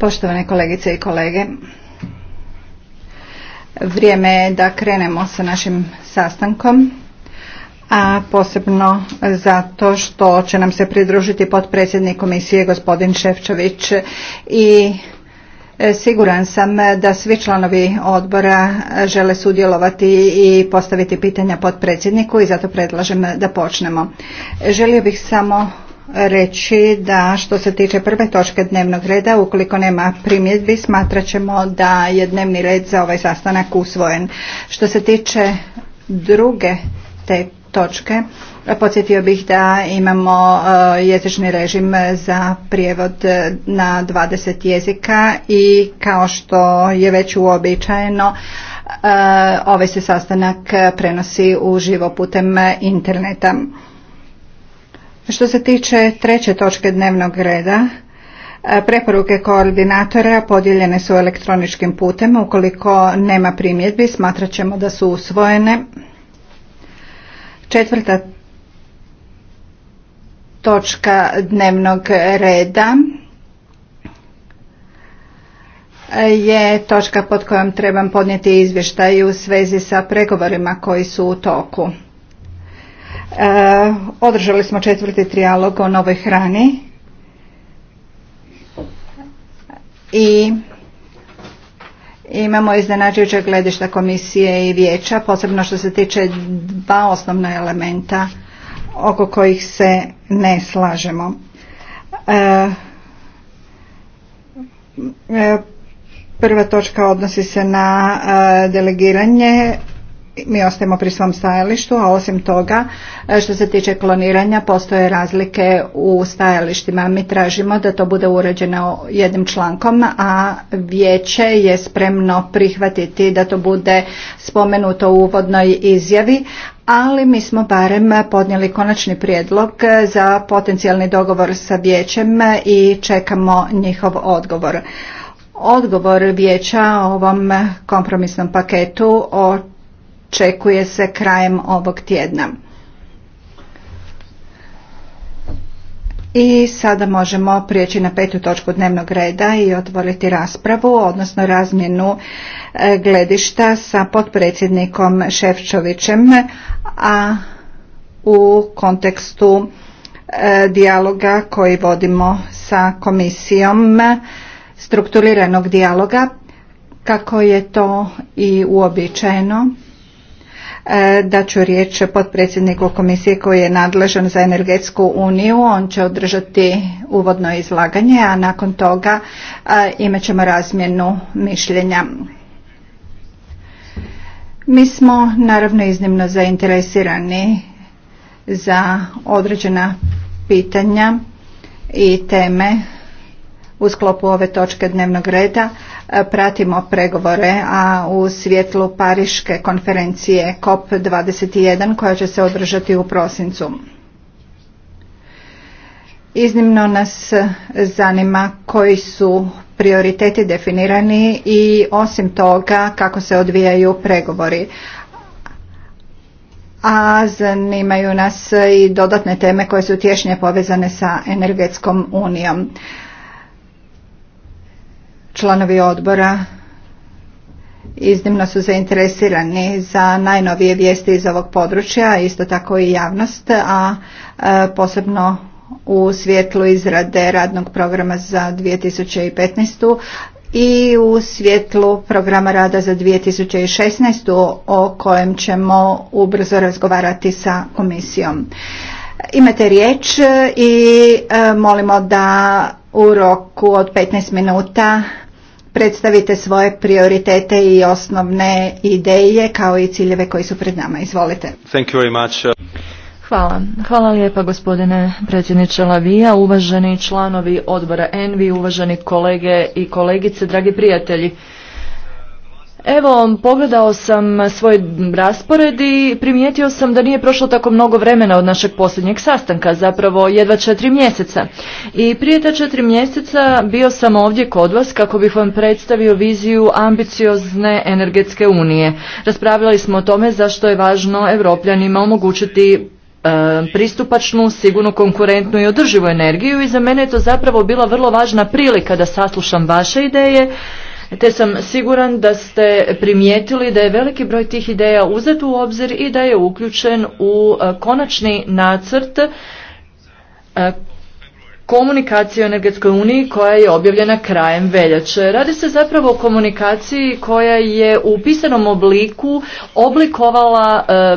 Poštovane kolegice i kolege, vrijeme je da krenemo sa našim sastankom, a posebno zato što će nam se pridružiti potpredsjednik komisije gospodin Ševčević i e, Siguran sam da svi članovi odbora žele sudjelovati i postaviti pitanja potpredsjedniku i zato predlažem da počnemo. Želio bih samo reći da što se tiče prve točke dnevnog reda, ukoliko nema primjedbi, smatrat ćemo da je dnevni red za ovaj sastanak usvojen. Što se tiče druge te točke, podsjetio bih da imamo e, jezični režim za prijevod na 20 jezika i kao što je već uobičajeno, e, ovaj se sastanak prenosi uživo putem interneta. Što se tiče treće točke dnevnog reda, e, preporuke koordinatora podijeljene su elektroničkim putem. Ukoliko nema primjedbi, smatrat ćemo da su usvojene. Četvrta točka dnevnog reda je točka pod kojom trebam podnijeti izvještaj u svezi sa pregovorima koji su u toku. Eh, održali smo četvrti trijalog o novoj hrani i imamo iznenađujuće gledišta komisije i vijeća, posebno što se tiče dva osnovna elementa oko kojih se ne slažemo. Eh, eh, prva točka odnosi se na delegiranje mi ostajemo pri svom stajalištu, a osim toga e, što se tiče kloniranja postoje razlike u stajalištima. Mi tražimo da to bude uređeno jednim člankom, a vijeće je spremno prihvatiti da to bude spomenuto u uvodnoj izjavi, ali mi smo barem podnijeli konačni prijedlog za potencijalni dogovor sa vijećem i čekamo njihov odgovor. Odgovor vijeća o ovom kompromisnom paketu o Čekuje se krajem ovog tjedna. I sada možemo prijeći na petu točku dnevnog reda i otvoriti raspravu, odnosno razmjenu e, gledišta sa potpredsjednikom Ševčovićem, a u kontekstu e, dijaloga koji vodimo sa komisijom strukturiranog dijaloga, kako je to i uobičajeno. E, da ću riječ potpredsjedniku komisije koji je nadležan za energetsku uniju. On će održati uvodno izlaganje, a nakon toga e, imat ćemo razmjenu mišljenja. Mi smo naravno iznimno zainteresirani za određena pitanja i teme u sklopu ove točke dnevnog reda e, pratimo pregovore, a u svjetlu Pariške konferencije COP21 koja će se održati u prosincu. Iznimno nas zanima koji su prioriteti definirani i osim toga kako se odvijaju pregovori. A zanimaju nas i dodatne teme koje su tješnje povezane sa energetskom unijom. Članovi odbora iznimno su zainteresirani za najnovije vijesti iz ovog područja, isto tako i javnost, a e, posebno u svjetlu izrade radnog programa za 2015. i u svjetlu programa rada za 2016. o kojem ćemo ubrzo razgovarati sa komisijom. Imate riječ i e, molimo da u roku od 15 minuta predstavite svoje prioritete i osnovne ideje kao i ciljeve koji su pred nama. Izvolite. Thank you very much. Hvala. Hvala lijepa gospodine predsjedniče Lavija, uvaženi članovi odbora Envi, uvaženi kolege i kolegice, dragi prijatelji. Evo, pogledao sam svoj raspored i primijetio sam da nije prošlo tako mnogo vremena od našeg posljednjeg sastanka, zapravo jedva četiri mjeseca. I prije ta četiri mjeseca bio sam ovdje kod vas kako bih vam predstavio viziju ambiciozne energetske unije. Raspravljali smo o tome zašto je važno Evropljanima omogućiti e, pristupačnu, sigurnu, konkurentnu i održivu energiju i za mene je to zapravo bila vrlo važna prilika da saslušam vaše ideje, te sam siguran da ste primijetili da je veliki broj tih ideja uzet u obzir i da je uključen u e, konačni nacrt e, komunikacije o energetskoj uniji koja je objavljena krajem veljače. Radi se zapravo o komunikaciji koja je u pisanom obliku oblikovala e,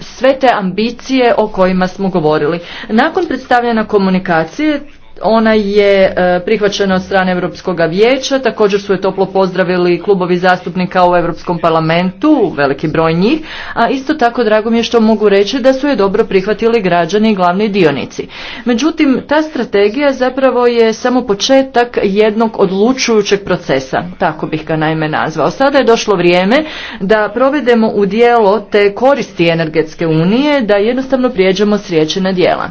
sve te ambicije o kojima smo govorili. Nakon predstavljena komunikacije ona je e, prihvaćena od strane Europskog vijeća, također su je toplo pozdravili klubovi zastupnika u Europskom parlamentu, veliki broj njih, a isto tako drago mi je što mogu reći da su je dobro prihvatili građani i glavni dionici. Međutim, ta strategija zapravo je samo početak jednog odlučujućeg procesa, tako bih ga naime nazvao. Sada je došlo vrijeme da provedemo u dijelo te koristi energetske unije, da jednostavno prijeđemo s riječi na dijela.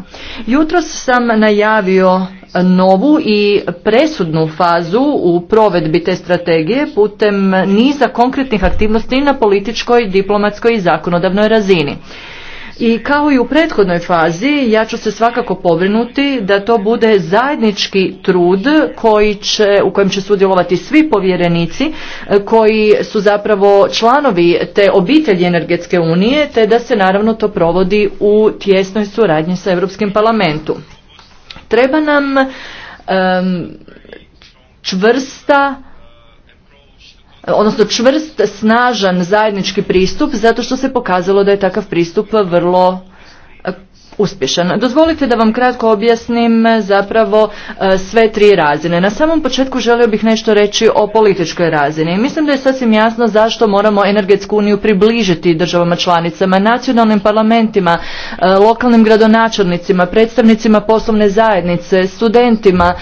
Jutros sam najavio novu i presudnu fazu u provedbi te strategije putem niza konkretnih aktivnosti na političkoj, diplomatskoj i zakonodavnoj razini. I kao i u prethodnoj fazi ja ću se svakako pobrinuti da to bude zajednički trud koji će, u kojem će sudjelovati svi povjerenici e, koji su zapravo članovi te obitelji energetske unije te da se naravno to provodi u tjesnoj suradnji sa Europskim parlamentom. Treba nam čvrsta odnosno čvrst, snažan zajednički pristup zato što se pokazalo da je takav pristup vrlo uspješan. Dozvolite da vam kratko objasnim e, zapravo e, sve tri razine. Na samom početku želio bih nešto reći o političkoj razini. Mislim da je sasvim jasno zašto moramo energetsku uniju približiti državama članicama, nacionalnim parlamentima, e, lokalnim gradonačelnicima, predstavnicima poslovne zajednice, studentima,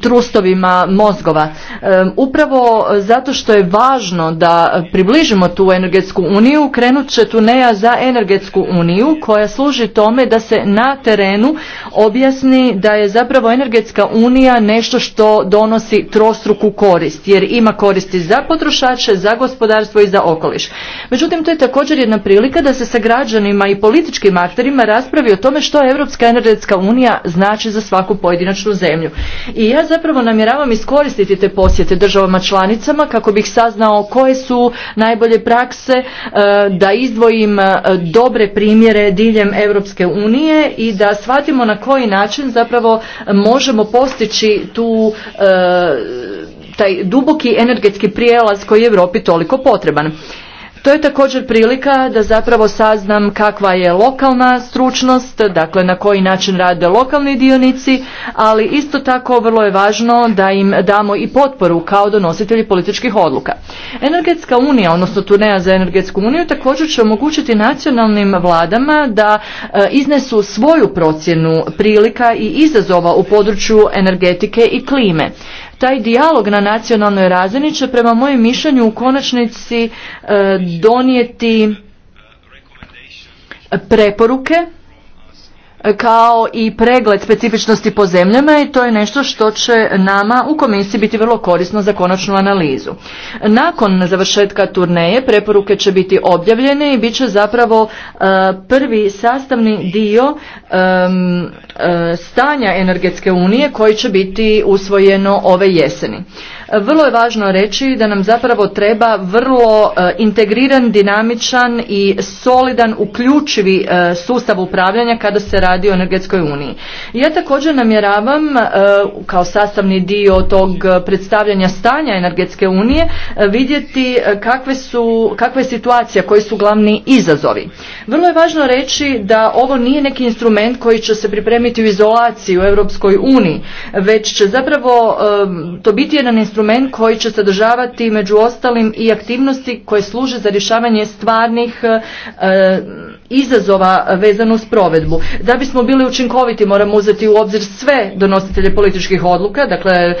trustovima mozgova. Upravo zato što je važno da približimo tu energetsku uniju, krenut će Tuneja za energetsku uniju koja služi tome da se na terenu objasni da je zapravo energetska unija nešto što donosi trostruku korist, jer ima koristi za potrošače, za gospodarstvo i za okoliš. Međutim, to je također jedna prilika da se sa građanima i političkim akterima raspravi o tome što Europska energetska unija znači za svaku pojedinačnu zemlju. I ja zapravo namjeravam iskoristiti te posjete državama članicama kako bih saznao koje su najbolje prakse, e, da izdvojim e, dobre primjere diljem Europske unije i da shvatimo na koji način zapravo možemo postići tu e, taj duboki energetski prijelaz koji je Europi toliko potreban. To je također prilika da zapravo saznam kakva je lokalna stručnost, dakle na koji način rade lokalni dionici, ali isto tako vrlo je važno da im damo i potporu kao donositelji političkih odluka. Energetska unija, odnosno turneja za energetsku uniju, također će omogućiti nacionalnim vladama da e, iznesu svoju procjenu prilika i izazova u području energetike i klime taj dijalog na nacionalnoj razini će prema mojem mišljenju u konačnici e, donijeti preporuke kao i pregled specifičnosti po zemljama i to je nešto što će nama u komisiji biti vrlo korisno za konačnu analizu. Nakon završetka turneje preporuke će biti objavljene i bit će zapravo e, prvi sastavni dio e, stanja energetske unije koji će biti usvojeno ove jeseni. Vrlo je važno reći da nam zapravo treba vrlo e, integriran, dinamičan i solidan, uključivi e, sustav upravljanja kada se radi o energetskoj uniji. Ja također namjeravam e, kao sastavni dio tog predstavljanja stanja energetske unije vidjeti kakve su, kakve je situacija, koji su glavni izazovi. Vrlo je važno reći da ovo nije neki instrument koji će se pripremiti u izolaciji u Europskoj uniji, već će zapravo to biti jedan instrument instrument koji će sadržavati među ostalim i aktivnosti koje služe za rješavanje stvarnih e, izazova vezano s provedbu. Da bismo bili učinkoviti moramo uzeti u obzir sve donositelje političkih odluka, dakle e,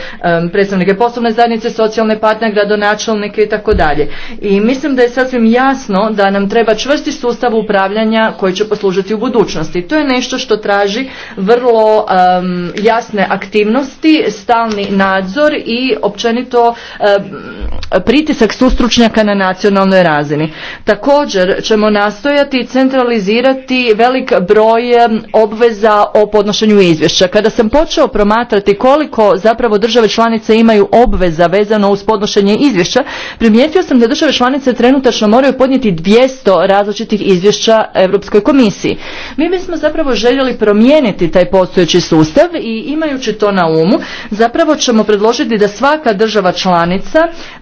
predstavnike poslovne zajednice, socijalne partnere, gradonačelnike i tako dalje. I mislim da je sasvim jasno da nam treba čvrsti sustav upravljanja koji će poslužiti u budućnosti. To je nešto što traži vrlo jasne aktivnosti, stalni nadzor i opće općenito e, pritisak sustručnjaka na nacionalnoj razini. Također ćemo nastojati centralizirati velik broj e, obveza o podnošenju izvješća. Kada sam počeo promatrati koliko zapravo države članice imaju obveza vezano uz podnošenje izvješća, primijetio sam da države članice trenutačno moraju podnijeti 200 različitih izvješća Europskoj komisiji. Mi bismo zapravo željeli promijeniti taj postojeći sustav i imajući to na umu, zapravo ćemo predložiti da svaka država članica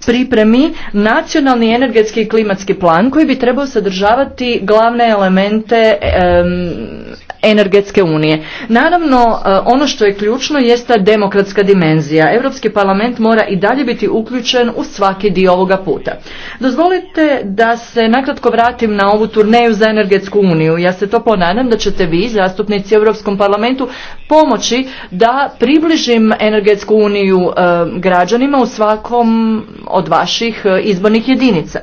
pripremi nacionalni energetski i klimatski plan koji bi trebao sadržavati glavne elemente energetske unije. Naravno, e, ono što je ključno jest ta demokratska dimenzija. Europski parlament mora i dalje biti uključen u svaki dio ovoga puta. Dozvolite da se nakratko vratim na ovu turneju za energetsku uniju. Ja se to ponadam da ćete vi, zastupnici Europskom parlamentu, pomoći da približim energetsku uniju građani građanima u svakom od vaših e, izbornih jedinica.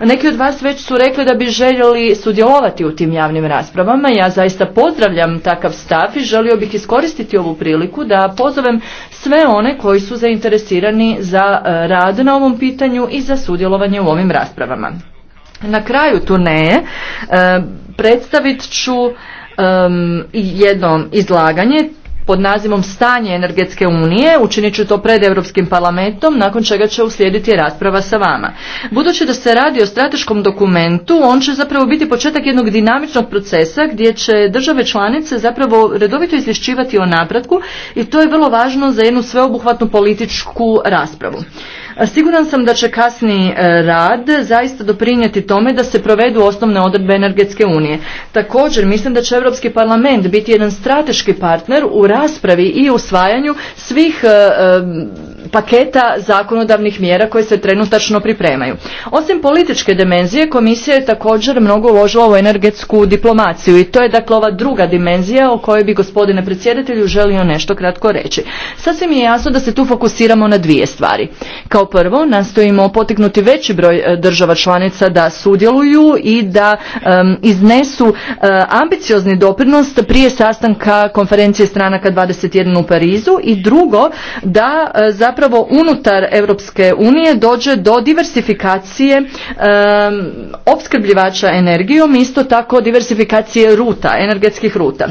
Neki od vas već su rekli da bi željeli sudjelovati u tim javnim raspravama. Ja zaista pozdravljam takav stav i želio bih iskoristiti ovu priliku da pozovem sve one koji su zainteresirani za e, rad na ovom pitanju i za sudjelovanje u ovim raspravama. Na kraju turneje e, predstavit ću jedno izlaganje pod nazivom Stanje energetske unije, učinit ću to pred Europskim parlamentom, nakon čega će uslijediti rasprava sa vama. Budući da se radi o strateškom dokumentu, on će zapravo biti početak jednog dinamičnog procesa gdje će države članice zapravo redovito izvješćivati o napretku i to je vrlo važno za jednu sveobuhvatnu političku raspravu. Siguran sam da će kasni e, rad zaista doprinijeti tome da se provedu osnovne odredbe energetske unije. Također mislim da će Europski parlament biti jedan strateški partner u raspravi i usvajanju svih e, e, paketa zakonodavnih mjera koje se trenutačno pripremaju. Osim političke dimenzije, komisija je također mnogo uložila u energetsku diplomaciju i to je dakle ova druga dimenzija o kojoj bi gospodine predsjedatelju želio nešto kratko reći. Sasvim je jasno da se tu fokusiramo na dvije stvari. Kao prvo, nastojimo potiknuti veći broj e, država članica da sudjeluju i da iznesu e, ambiciozni doprinos prije sastanka konferencije stranaka 21 u Parizu i drugo, da uh, zapravo unutar Europske unije dođe do diversifikacije opskrbljivača energijom isto tako diversifikacije ruta, energetskih ruta.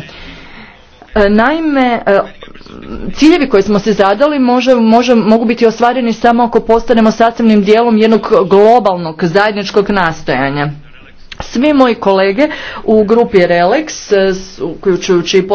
E, naime, e, ciljevi koje smo se zadali može, mogu biti ostvareni samo ako postanemo sastavnim dijelom jednog globalnog zajedničkog nastojanja. Svi moji kolege u grupi Relex, eh, uključujući i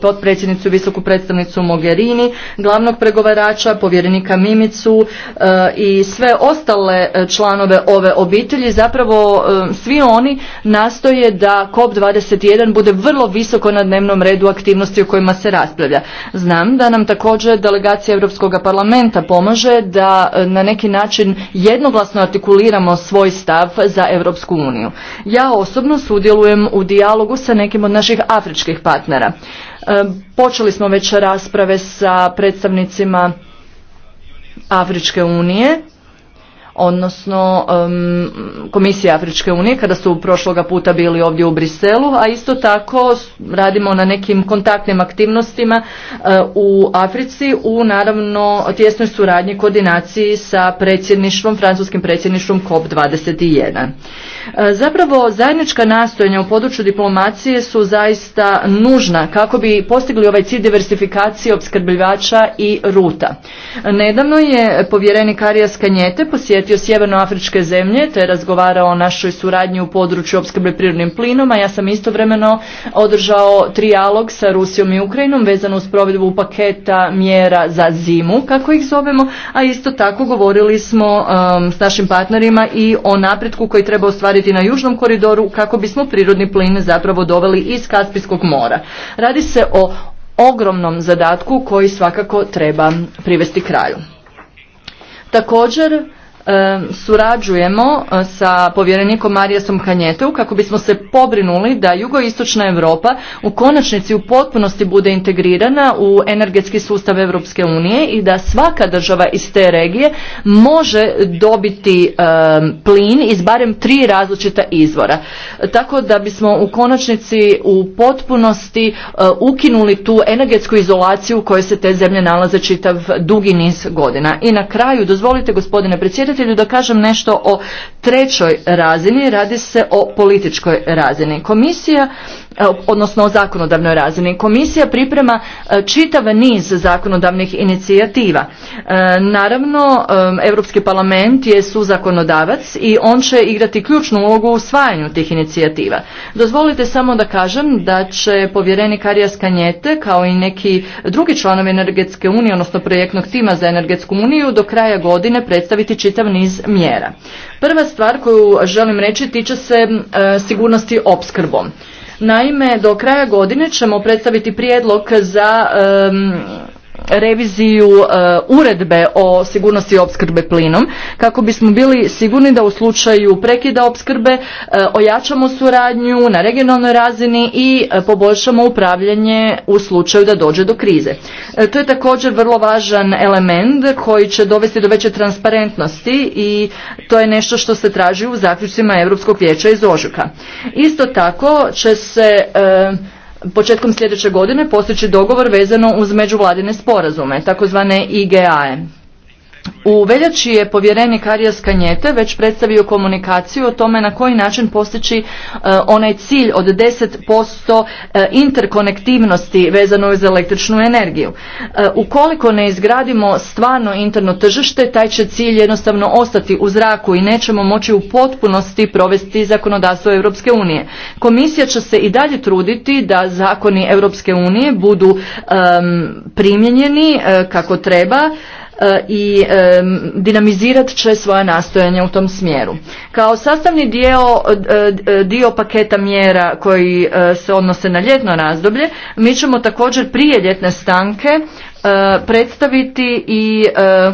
potpredsjednicu visoku predstavnicu Mogherini, glavnog pregovarača, povjerenika Mimicu eh, i sve ostale eh, članove ove obitelji, zapravo svi oni nastoje da COP21 bude vrlo visoko na dnevnom redu aktivnosti o kojima se raspravlja. Znam da nam također delegacija Europskog parlamenta pomaže da na neki način jednoglasno artikuliramo svoj stav za Europsku ja osobno sudjelujem u dijalogu sa nekim od naših afričkih partnera. E, počeli smo već rasprave sa predstavnicima Afričke unije odnosno komisije Afričke unije kada su prošloga puta bili ovdje u Briselu, a isto tako radimo na nekim kontaktnim aktivnostima e, u Africi u naravno tjesnoj suradnji koordinaciji sa predsjedništvom, francuskim predsjedništvom COP21. E, zapravo zajednička nastojanja u području diplomacije su zaista nužna kako bi postigli ovaj cilj diversifikacije opskrbljivača i ruta. Nedavno je povjereni Karija Kanjete posjetio posjetio sjevernoafričke zemlje te je razgovarao o našoj suradnji u području opskrbe prirodnim plinom, a ja sam istovremeno održao trijalog sa Rusijom i Ukrajinom vezano uz provedbu paketa mjera za zimu, kako ih zovemo, a isto tako govorili smo um, s našim partnerima i o napretku koji treba ostvariti na južnom koridoru kako bismo prirodni plin zapravo doveli iz Kaspijskog mora. Radi se o ogromnom zadatku koji svakako treba privesti kraju. Također surađujemo e, sa povjerenikom Marijasom Kanjetou kako bismo se pobrinuli da jugoistočna Europa u konačnici u potpunosti bude integrirana u energetski sustav Europske unije i da svaka država iz te regije može dobiti plin iz barem tri različita izvora. Tako da bismo u konačnici u potpunosti e, ukinuli tu energetsku izolaciju u kojoj se te zemlje nalaze čitav dugi niz godina. I na kraju, dozvolite gospodine predsjedniče, da kažem nešto o trećoj razini, radi se o političkoj razini. Komisija, e, odnosno o zakonodavnoj razini, komisija priprema e, čitav niz zakonodavnih inicijativa. E, naravno, Europski parlament je suzakonodavac i on će igrati ključnu ulogu u usvajanju tih inicijativa. Dozvolite samo da kažem da će povjereni Karija Skanjete, kao i neki drugi članovi Energetske unije, odnosno projektnog tima za Energetsku uniju, do kraja godine predstaviti čitav niz mjera. Prva stvar koju želim reći tiče se e, sigurnosti opskrbom. Naime, do kraja godine ćemo predstaviti prijedlog za e, reviziju e, uredbe o sigurnosti opskrbe plinom kako bismo bili sigurni da u slučaju prekida opskrbe e, ojačamo suradnju na regionalnoj razini i e, poboljšamo upravljanje u slučaju da dođe do krize. To je također vrlo važan element koji će dovesti do veće transparentnosti i to je nešto što se traži u zaključcima Europskog vijeća iz ožuka. Isto tako će se početkom sljedeće godine postići dogovor vezano uz međuvladine sporazume, takozvane iga e. U veljači je povjerenik Arias Kanjete već predstavio komunikaciju o tome na koji način postići e, onaj cilj od 10% e, interkonektivnosti vezano za električnu energiju. E, ukoliko ne izgradimo stvarno interno tržište, taj će cilj jednostavno ostati u zraku i nećemo moći u potpunosti provesti zakonodavstvo Europske unije. Komisija će se i dalje truditi da zakoni Europske unije budu primijenjeni primjenjeni kako treba, E, i e, dinamizirat će svoja nastojanja u tom smjeru. Kao sastavni dio, e, dio paketa mjera koji se odnose na ljetno razdoblje, mi ćemo također prije ljetne stanke predstaviti i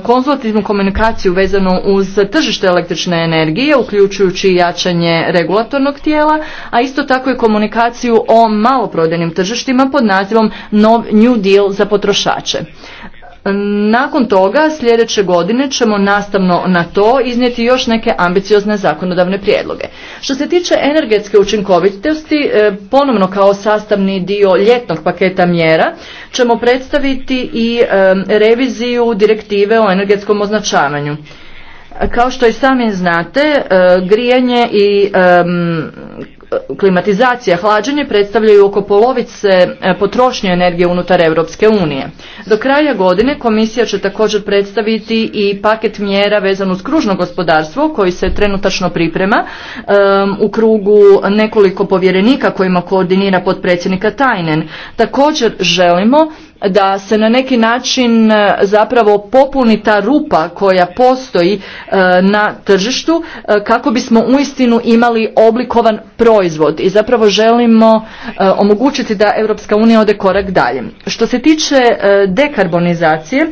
konzultativnu komunikaciju vezanu uz tržište električne energije, uključujući jačanje regulatornog tijela, a isto tako i komunikaciju o maloprodajnim tržištima pod nazivom New Deal za potrošače. Nakon toga sljedeće godine ćemo nastavno na to iznijeti još neke ambiciozne zakonodavne prijedloge. Što se tiče energetske učinkovitosti, e, ponovno kao sastavni dio ljetnog paketa mjera ćemo predstaviti i e, reviziju direktive o energetskom označavanju. Kao što i sami znate, e, grijanje i Eh, klimatizacija, hlađenje predstavljaju oko polovice eh, potrošnje energije unutar Europske unije. Do kraja godine komisija će također predstaviti i paket mjera vezan uz kružno gospodarstvo koji se trenutačno priprema u krugu nekoliko povjerenika kojima koordinira potpredsjednika Tajnen. Također želimo da se na neki način e, zapravo popuni ta rupa koja postoji e, na tržištu e, kako bismo uistinu imali oblikovan proizvod i zapravo želimo omogućiti da Europska unija ode korak dalje. Što se tiče dekarbonizacije,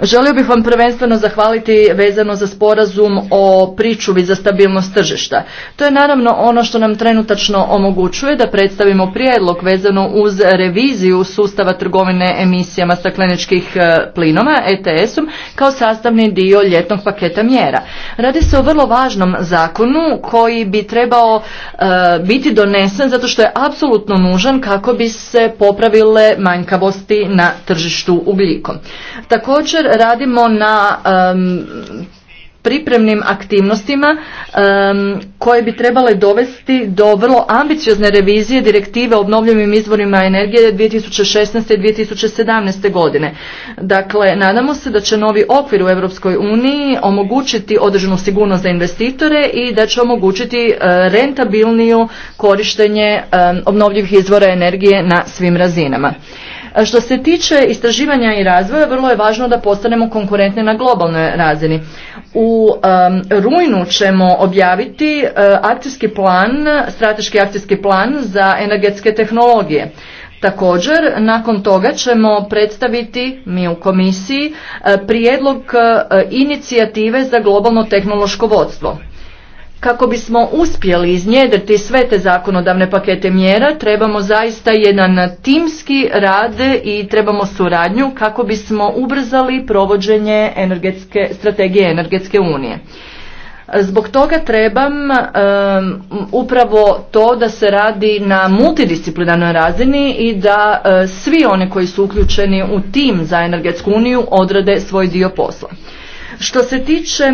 Želio bih vam prvenstveno zahvaliti vezano za sporazum o pričuvi za stabilnost tržišta. To je naravno ono što nam trenutačno omogućuje da predstavimo prijedlog vezano uz reviziju sustava trgovine emisijama stakleničkih e, plinova, ETS-om, kao sastavni dio ljetnog paketa mjera. Radi se o vrlo važnom zakonu koji bi trebao e, biti donesen zato što je apsolutno nužan kako bi se popravile manjkavosti na tržištu ugljikom. Također radimo na pripremnim aktivnostima koje bi trebale dovesti do vrlo ambiciozne revizije direktive o obnovljivim izvorima energije 2016. i 2017. godine. Dakle, nadamo se da će novi okvir u Europskoj uniji omogućiti određenu sigurnost za investitore i da će omogućiti uh, rentabilniju korištenje obnovljivih izvora energije na svim razinama. E, što se tiče istraživanja i razvoja, vrlo je važno da postanemo konkurentni na globalnoj razini. U um, rujnu ćemo objaviti eh, akcijski plan, strateški akcijski plan za energetske tehnologije. Također, nakon toga ćemo predstaviti mi u komisiji eh, prijedlog eh, inicijative za globalno tehnološko vodstvo kako bismo uspjeli iznjedriti sve te zakonodavne pakete mjera, trebamo zaista jedan timski rad i trebamo suradnju kako bismo ubrzali provođenje energetske, strategije energetske unije. Zbog toga trebam upravo to da se radi na multidisciplinarnoj razini i da e, svi oni koji su uključeni u tim za energetsku uniju odrade svoj dio posla. Što se tiče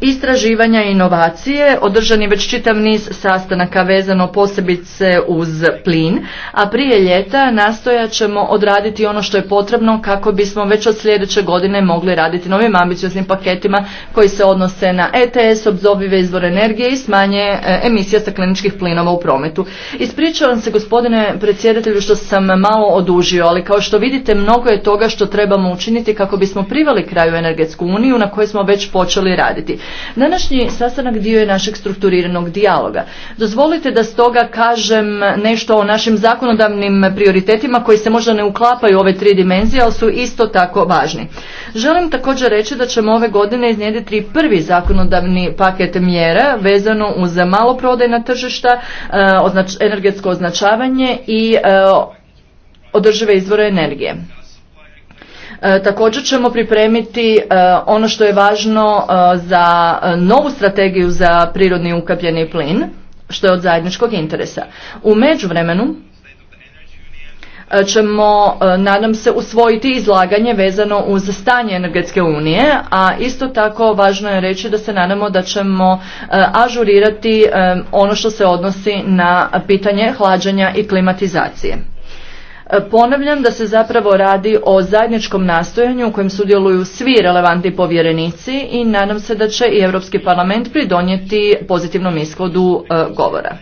istraživanja i inovacije, održan je već čitav niz sastanaka vezano posebice uz plin, a prije ljeta nastojat ćemo odraditi ono što je potrebno kako bismo već od sljedeće godine mogli raditi novim ambicioznim paketima koji se odnose na ETS, obzobive izvore energije i smanje e, emisija stakleničkih plinova u prometu. Ispričavam se gospodine predsjedatelju što sam malo odužio, ali kao što vidite mnogo je toga što trebamo učiniti kako bismo privali kraju energetsku uniju na kojoj smo već počeli raditi. Današnji sastanak dio je našeg strukturiranog dijaloga. Dozvolite da stoga kažem nešto o našim zakonodavnim prioritetima koji se možda ne uklapaju u ove tri dimenzije, ali su isto tako važni. Želim također reći da ćemo ove godine iznijediti prvi zakonodavni paket mjera vezano uz maloprodajna tržišta, e, energetsko označavanje i e, održive izvore energije. E, također ćemo pripremiti e, ono što je važno e, za novu strategiju za prirodni ukapljeni plin, što je od zajedničkog interesa. U međuvremenu ćemo, nadam se, usvojiti izlaganje vezano uz stanje energetske unije, a isto tako važno je reći da se nadamo da ćemo ažurirati ono što se odnosi na pitanje hlađanja i klimatizacije. E, ponavljam da se zapravo radi o zajedničkom nastojanju u kojem sudjeluju svi relevantni povjerenici i nadam se da će i Europski parlament pridonijeti pozitivnom ishodu e, govora.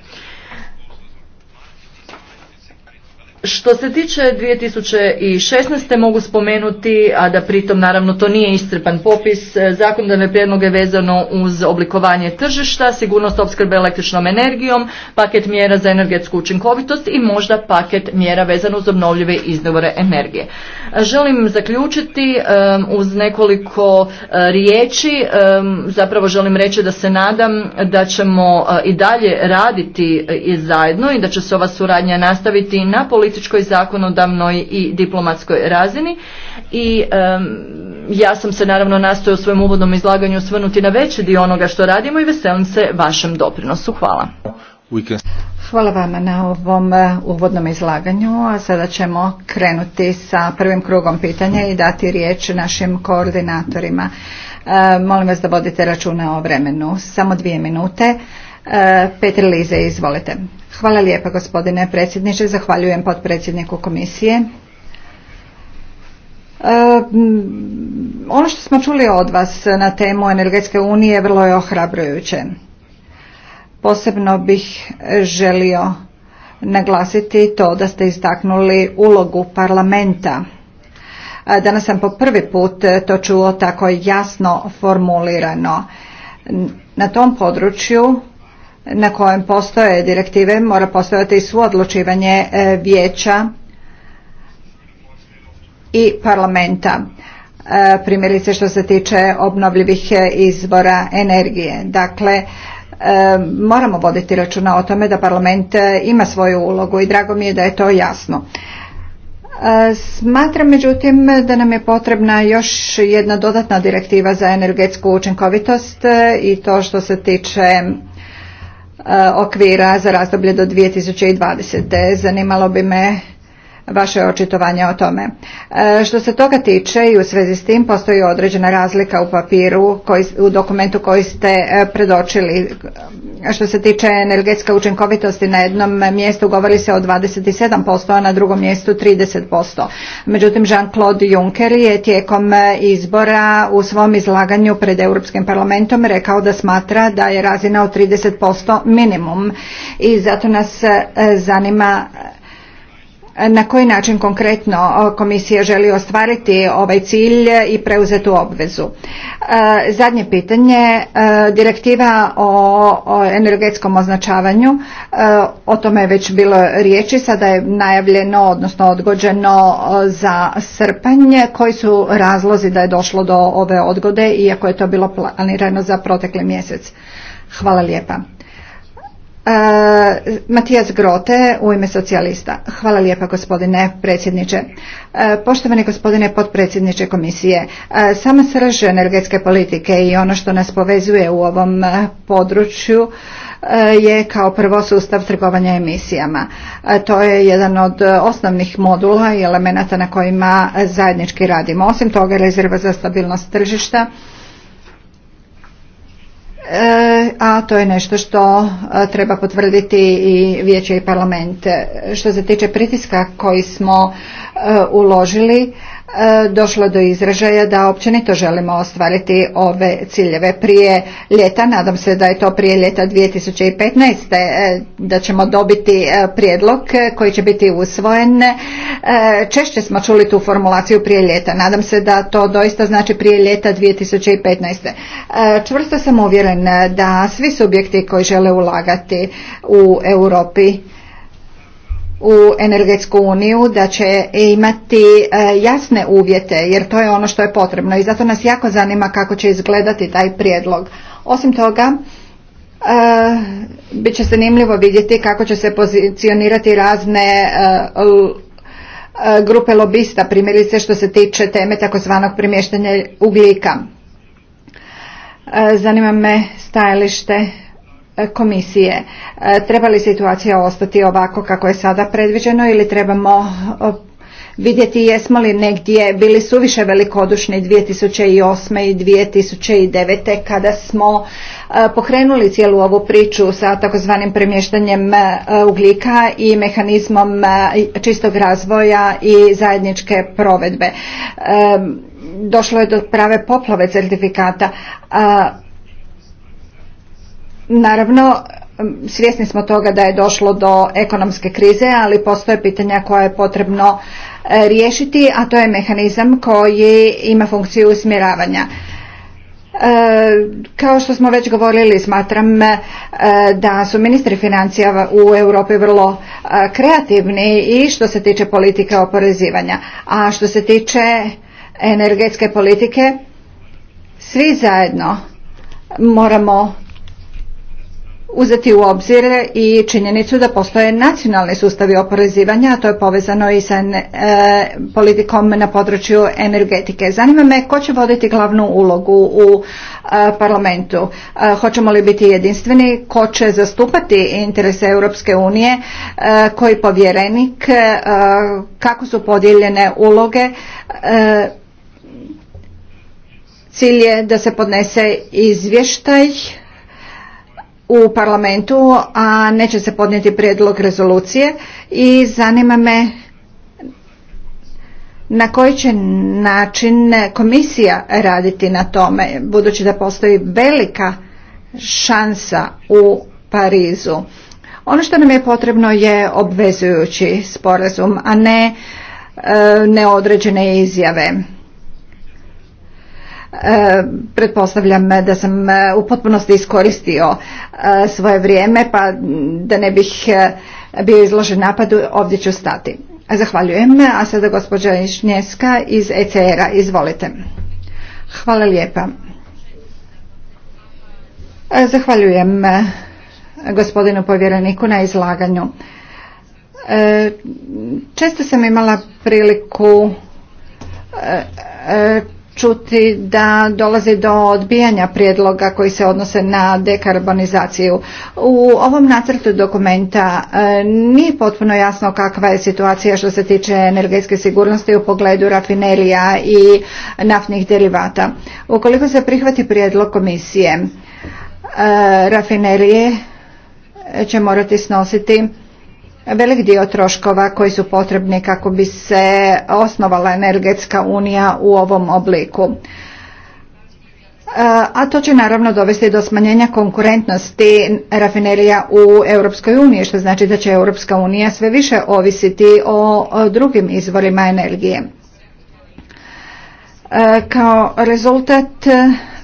Što se tiče 2016. mogu spomenuti, a da pritom naravno to nije iscrpan popis, e, zakonodavne prijedloge vezano uz oblikovanje tržišta, sigurnost opskrbe električnom energijom, paket mjera za energetsku učinkovitost i možda paket mjera vezano uz obnovljive izvore energije. Želim zaključiti e, uz nekoliko e, riječi, zapravo želim reći da se nadam da ćemo i dalje raditi zajedno i da će se ova suradnja nastaviti na političkom političkoj, zakonodavnoj i diplomatskoj razini. I ja sam se naravno nastojao u svojem uvodnom izlaganju osvrnuti na veći dio onoga što radimo i veselim se vašem doprinosu. Hvala. Hvala vama na ovom eh, uvodnom izlaganju. A sada ćemo krenuti sa prvim krugom pitanja i dati riječ našim koordinatorima. Eh, molim vas da vodite računa o vremenu. Samo dvije minute. E, Petr Lize, izvolite. Hvala lijepa gospodine predsjedniče, zahvaljujem potpredsjedniku komisije. E, ono što smo čuli od vas na temu energetske unije vrlo je ohrabrujuće. Posebno bih želio naglasiti to da ste istaknuli ulogu parlamenta. E, danas sam po prvi put to čuo tako jasno formulirano. Na tom području na kojem postoje direktive mora postojati i suodlučivanje e, vijeća i parlamenta e, primjerice što se tiče obnovljivih e, izvora energije. Dakle, moramo voditi računa o tome da parlament ima svoju ulogu i drago mi je da je to jasno. Smatram međutim da nam je potrebna još jedna dodatna direktiva za energetsku učinkovitost i to što se tiče okvira za razdoblje do 2020. Zanimalo bi me vaše očitovanje o tome. E, što se toga tiče i u svezi s tim postoji određena razlika u papiru, koji, u dokumentu koji ste e, predočili. Što se tiče energetske učinkovitosti na jednom mjestu govori se o 27%, a na drugom mjestu 30%. Međutim, Jean-Claude Juncker je tijekom e, izbora u svom izlaganju pred Europskim parlamentom rekao da smatra da je razina od 30% minimum i zato nas zanima na koji način konkretno komisija želi ostvariti ovaj cilj i preuzetu obvezu. E, zadnje pitanje, e, direktiva o energetskom označavanju, e, o tome je već bilo riječi, sada je najavljeno, odnosno odgođeno za srpanj. Koji su razlozi da je došlo do ove odgode, iako je to bilo planirano za protekli mjesec? Hvala lijepa. Eh, Matijas Grote u ime socijalista. Hvala lijepa gospodine predsjedniče. Eh, poštovani gospodine potpredsjedniče komisije, eh, sama srž energetske politike i ono što nas povezuje u ovom području je kao prvo sustav trgovanja emisijama. To je jedan od osnovnih modula i elemenata na kojima zajednički radimo. Osim toga, rezerva za stabilnost tržišta E, a to je nešto što e, treba potvrditi i vijeće i parlament. E, što se tiče pritiska koji smo uložili, E, došlo do izražaja da općenito želimo ostvariti ove ciljeve prije ljeta. Nadam se da je to prije ljeta 2015. E, da ćemo dobiti e, prijedlog koji će biti usvojen. Češće smo čuli tu formulaciju prije ljeta. Nadam se da to doista znači prije ljeta 2015. Čvrsto sam uvjeren da svi subjekti koji žele ulagati u Europi u energetsku uniju, da će imati e, jasne uvjete, jer to je ono što je potrebno i zato nas jako zanima kako će izgledati taj prijedlog. Osim toga, e, bit će zanimljivo vidjeti kako će se pozicionirati razne e, grupe lobista, primjerice što se tiče teme takozvanog premještanja ugljika. Zanima me stajalište E, komisije. E, treba li situacija ostati ovako kako je sada predviđeno ili trebamo vidjeti jesmo li negdje bili suviše velikodušni 2008. i 2009. kada smo e, pokrenuli cijelu ovu priču sa takozvanim premještanjem ugljika i mehanizmom čistog razvoja i zajedničke provedbe. Došlo je do prave poplave certifikata Naravno, svjesni smo toga da je došlo do ekonomske krize, ali postoje pitanja koja je potrebno e, riješiti, a to je mehanizam koji ima funkciju usmjeravanja. E, kao što smo već govorili, smatram e, da su ministri financija u Europi vrlo kreativni i što se tiče politike oporezivanja. A što se tiče energetske politike, svi zajedno moramo uzeti u obzir i činjenicu da postoje nacionalni sustavi oporezivanja, a to je povezano i sa e, politikom na području energetike. Zanima me ko će voditi glavnu ulogu u e, parlamentu. E, hoćemo li biti jedinstveni? Ko će zastupati interese Europske unije? Koji povjerenik? Kako su podijeljene uloge? Cilj je da se podnese izvještaj u parlamentu, a neće se podnijeti prijedlog rezolucije i zanima me na koji će način komisija raditi na tome, budući da postoji velika šansa u Parizu. Ono što nam je potrebno je obvezujući sporazum, a ne e, neodređene izjave. E, pretpostavljam e, da sam e, u potpunosti iskoristio svoje vrijeme pa da ne bih bio izložen napadu ovdje ću stati. Zahvaljujem, a sada gospođa Išnjeska iz ECR-a, izvolite. Hvala lijepa. Zahvaljujem gospodinu povjereniku na izlaganju. Često sam imala priliku čuti da dolazi do odbijanja prijedloga koji se odnose na dekarbonizaciju. U ovom nacrtu dokumenta e, nije potpuno jasno kakva je situacija što se tiče energetske sigurnosti u pogledu rafinerija i naftnih derivata. Ukoliko se prihvati prijedlog komisije, e, rafinerije će morati snositi velik dio troškova koji su potrebni kako bi se osnovala energetska unija u ovom obliku e, a to će naravno dovesti do smanjenja konkurentnosti rafinerija u Europskoj uniji, što znači da će Europska unija sve više ovisiti o drugim izvorima energije. E, kao rezultat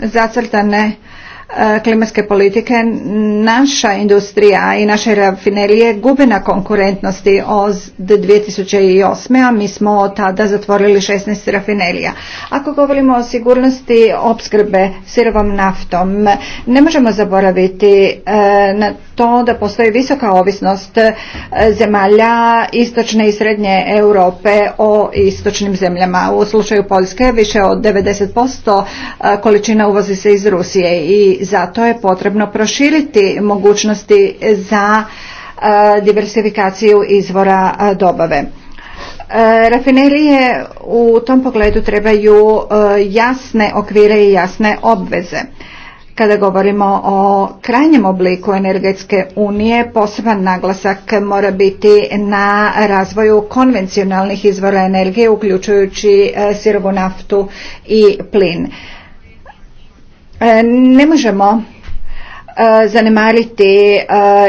zacrtane E, klimatske politike naša industrija i naše rafinerije gube na konkurentnosti od 2008. a mi smo tada zatvorili 16 rafinerija. Ako govorimo o sigurnosti opskrbe sirovom naftom, ne možemo zaboraviti e, na to da postoji visoka ovisnost e, zemalja istočne i srednje Europe o istočnim zemljama. U slučaju Poljske više od 90% količina uvozi se iz Rusije i zato je potrebno proširiti mogućnosti za e, diversifikaciju izvora e, dobave. E, rafinerije u tom pogledu trebaju jasne okvire i jasne obveze. Kada govorimo o krajnjem obliku energetske unije, poseban naglasak mora biti na razvoju konvencionalnih izvora energije, uključujući sirovu naftu i plin. E, ne možemo e, zanemariti e,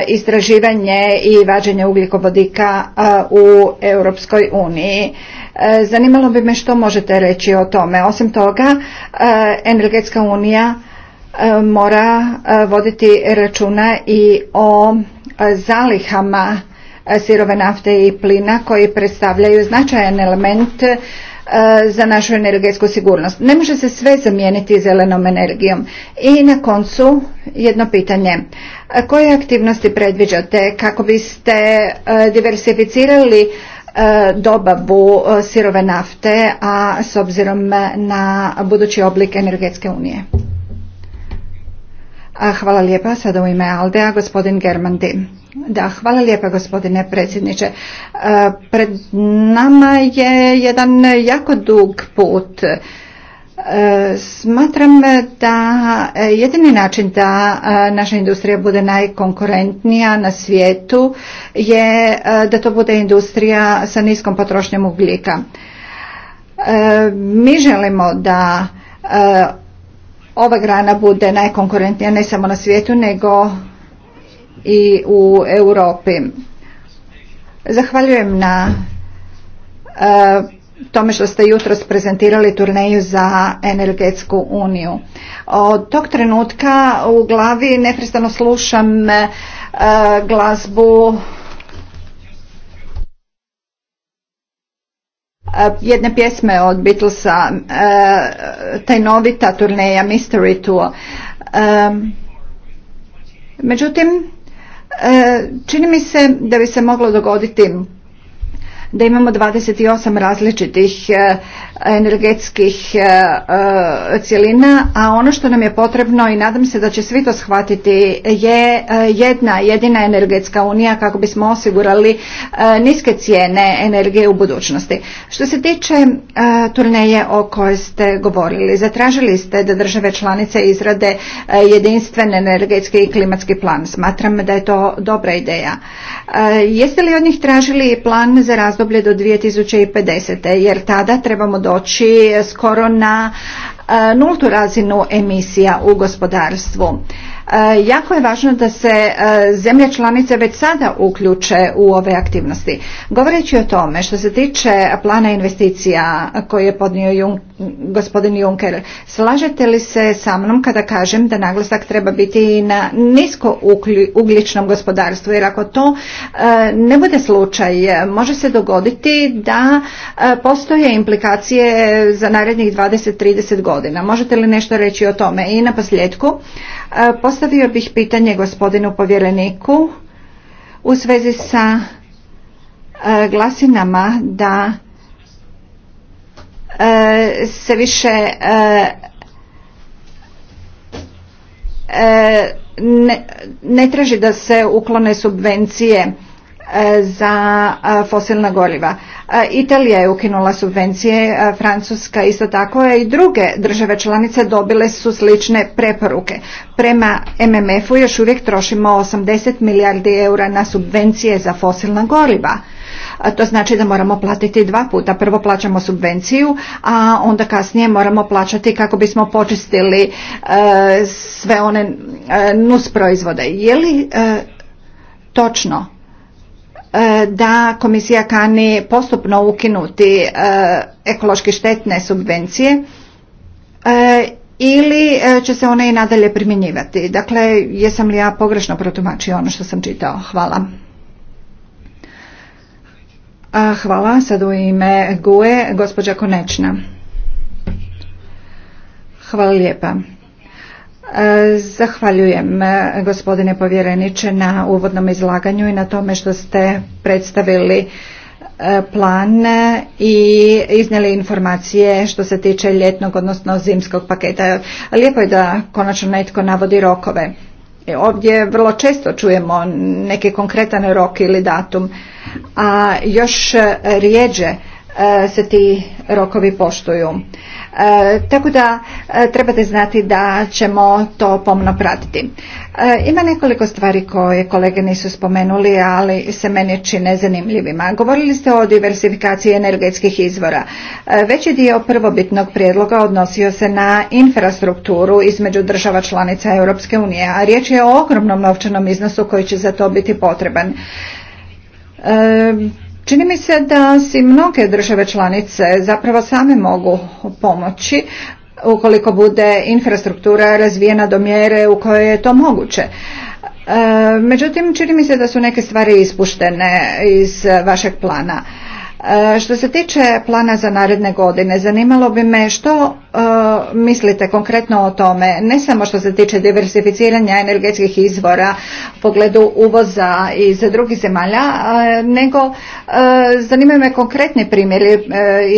istraživanje i vađenje ugljikovodika u Europskoj uniji. Zanimalo bi me što možete reći o tome. Osim toga, Energetska unija mora voditi računa i o zalihama sirove nafte i plina koji predstavljaju značajan element E, za našu energetsku sigurnost. Ne može se sve zamijeniti zelenom energijom. I na koncu jedno pitanje. E, koje aktivnosti predviđate kako biste e, diversificirali dobavu sirove nafte, a s obzirom na budući oblik energetske unije? Hvala lijepa. Sada u ime Aldea gospodin Germandi. Da, hvala lijepa gospodine predsjedniče. Pred nama je jedan jako dug put. Smatram da jedini način da naša industrija bude najkonkurentnija na svijetu je da to bude industrija sa niskom potrošnjom ugljika. Mi želimo da ova grana bude najkonkurentnija ne samo na svijetu nego i u Europi. Zahvaljujem na e, tome što ste jutros prezentirali turneju za energetsku uniju. Od tog trenutka u glavi neprestano slušam e, glazbu Eh, jedne pjesme od Beatlesa, eh, novita turneja Mystery Tour. Međutim, eh, čini mi se da bi se moglo dogoditi da imamo 28 različitih e, energetskih e, e, cjelina, a ono što nam je potrebno i nadam se da će svi to shvatiti je jedna jedina energetska unija kako bismo osigurali niske cijene energije u budućnosti. Što se tiče turneje o kojoj ste govorili, zatražili ste da države članice izrade jedinstven energetski i klimatski plan. Smatram da je to dobra ideja. Jeste li od njih tražili plan za razdoblje razdoblje do 2050. jer tada trebamo doći skoro na e, nultu razinu emisija u gospodarstvu. E, jako je važno da se e, zemlje članice već sada uključe u ove aktivnosti. Govoreći o tome što se tiče plana investicija koje je podnio gospodin Juncker, slažete li se sa mnom kada kažem da naglasak treba biti na nisko ugljičnom gospodarstvu jer ako to e, ne bude slučaj može se dogoditi da postoje implikacije za narednih 20-30 godina. Možete li nešto reći o tome? I na posljedku, Postavio bih pitanje gospodinu povjereniku u svezi sa e, glasinama da e, se više e, ne, ne traži da se uklone subvencije E, za e, fosilna goriva. E, Italija je ukinula subvencije, Francuska isto tako je i druge države članice dobile su slične preporuke. Prema MMF-u još uvijek trošimo 80 milijardi eura na subvencije za fosilna goriva. To znači da moramo platiti dva puta. Prvo plaćamo subvenciju, a onda kasnije moramo plaćati kako bismo počistili sve one nus proizvode. Je li točno E, da komisija kani postupno ukinuti e, ekološki štetne subvencije e, ili će se one i nadalje primjenjivati. Dakle, jesam li ja pogrešno protumačio ono što sam čitao? Hvala. Hvala. Sad u ime GUE, gospođa Konečna. Hvala lijepa. Zahvaljujem e, gospodine povjereniče na uvodnom izlaganju i na tome što ste predstavili e, plan e, i iznijeli informacije što se tiče ljetnog odnosno zimskog paketa. Lijepo je da konačno netko navodi rokove. Ovdje vrlo često čujemo neke konkretane rok ili datum, a još rijeđe E, se ti rokovi poštuju. E, tako da e, trebate znati da ćemo to pomno pratiti. Ima nekoliko stvari koje kolege nisu spomenuli, ali se meni čine zanimljivima. Govorili ste o diversifikaciji energetskih izvora. Veći dio prvobitnog prijedloga odnosio se na infrastrukturu između država članica Europske unije, a riječ je o ogromnom novčanom iznosu koji će za to biti potreban. Čini mi se da si mnoge države članice zapravo same mogu pomoći ukoliko bude infrastruktura razvijena do mjere u kojoj je to moguće. E, međutim, čini mi se da su neke stvari ispuštene iz vašeg plana. Što se tiče plana za naredne godine, zanimalo bi me što e, mislite konkretno o tome, ne samo što se tiče diversificiranja energetskih izvora u pogledu uvoza iz drugih zemalja, e, nego e, zanimaju me konkretni primjeri e,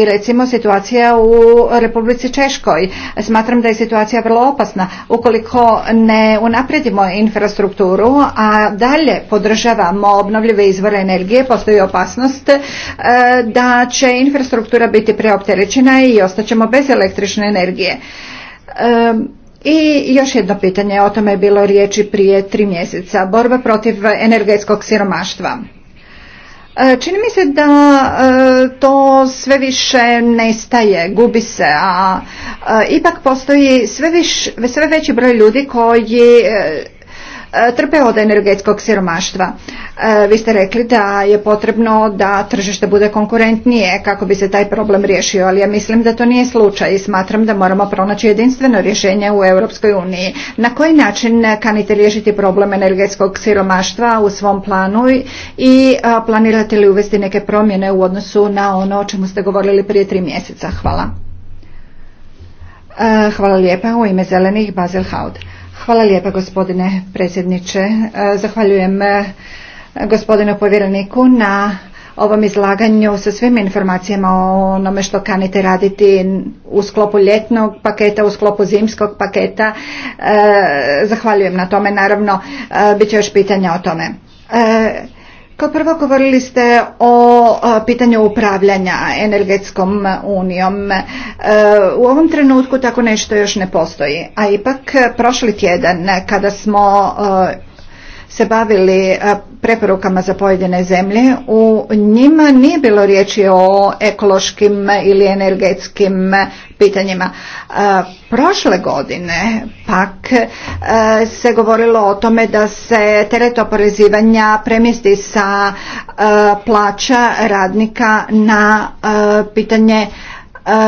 i recimo situacija u Republici Češkoj. Smatram da je situacija vrlo opasna. Ukoliko ne unaprijedimo infrastrukturu, a dalje podržavamo obnovljive izvore energije, postoji opasnost da će infrastruktura biti preopterećena i ostaćemo bez električne energije. I još jedno pitanje, o tome je bilo riječi prije tri mjeseca, borba protiv energetskog siromaštva. E, čini mi se da e, to sve više nestaje, gubi se, a e, ipak postoji sve, sve veći broj ljudi koji trpe od energetskog siromaštva. E, vi ste rekli da je potrebno da tržište bude konkurentnije kako bi se taj problem riješio, ali ja mislim da to nije slučaj i smatram da moramo pronaći jedinstveno rješenje u Europskoj uniji. Na koji način kanite riješiti problem energetskog siromaštva u svom planu i e, planirate li uvesti neke promjene u odnosu na ono o čemu ste govorili prije tri mjeseca? Hvala. E, hvala lijepa. U ime zelenih Bazel Hvala lijepa gospodine predsjedniče. E, zahvaljujem e, gospodinu povjereniku na ovom izlaganju sa svim informacijama o onome što kanite raditi u sklopu ljetnog paketa, u sklopu zimskog paketa. E, zahvaljujem na tome, naravno, bit će još pitanja o tome prvo govorili ste o pitanju upravljanja energetskom unijom. E, u ovom trenutku tako nešto još ne postoji. A ipak prošli tjedan kada smo se bavili e, preporukama za pojedine zemlje, u njima nije bilo riječi o ekološkim ili energetskim pitanjima. E, prošle godine pak e, se govorilo o tome da se teret oporezivanja premjesti sa plaća radnika na pitanje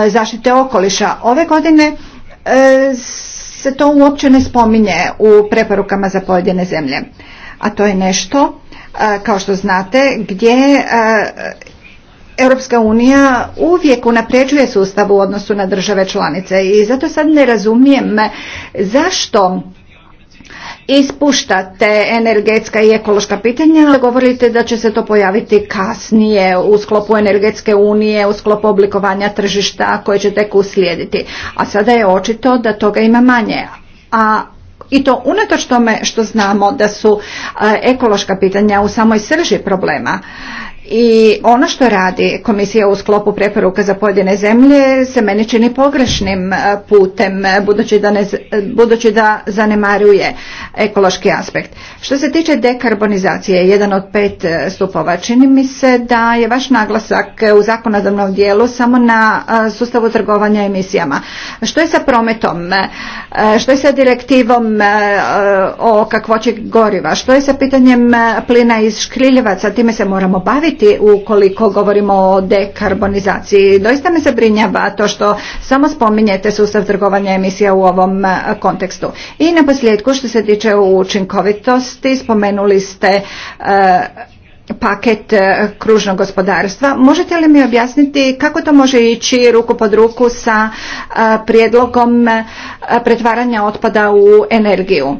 zaštite okoliša. Ove godine se to uopće ne spominje u preporukama za pojedine zemlje a to je nešto e, kao što znate gdje e, Europska unija uvijek unapređuje sustav u odnosu na države članice i zato sad ne razumijem zašto ispuštate energetska i ekološka pitanja, ali govorite da će se to pojaviti kasnije u sklopu energetske unije, u sklopu oblikovanja tržišta koje će tek uslijediti. A sada je očito da toga ima manje. A i to unatoč tome što znamo da su e, ekološka pitanja u samoj srži problema i ono što radi komisija u sklopu preporuka za pojedine zemlje se meni čini pogrešnim e, putem e, budući da, ne, e, budući da zanemaruje ekološki aspekt. Što se tiče dekarbonizacije, jedan od pet stupova, čini mi se da je vaš naglasak u zakonodavnom dijelu samo na sustavu trgovanja emisijama. Što je sa prometom? Što je sa direktivom o kakvoći goriva? Što je sa pitanjem plina iz škriljevaca? Time se moramo baviti biti ukoliko govorimo o dekarbonizaciji. Doista me zabrinjava to što samo spominjete sustav trgovanja emisija u ovom e, kontekstu. I na posljedku što se tiče učinkovitosti, spomenuli ste e, paket e, kružnog gospodarstva. Možete li mi objasniti kako to može ići ruku pod ruku sa prijedlogom pretvaranja otpada u energiju?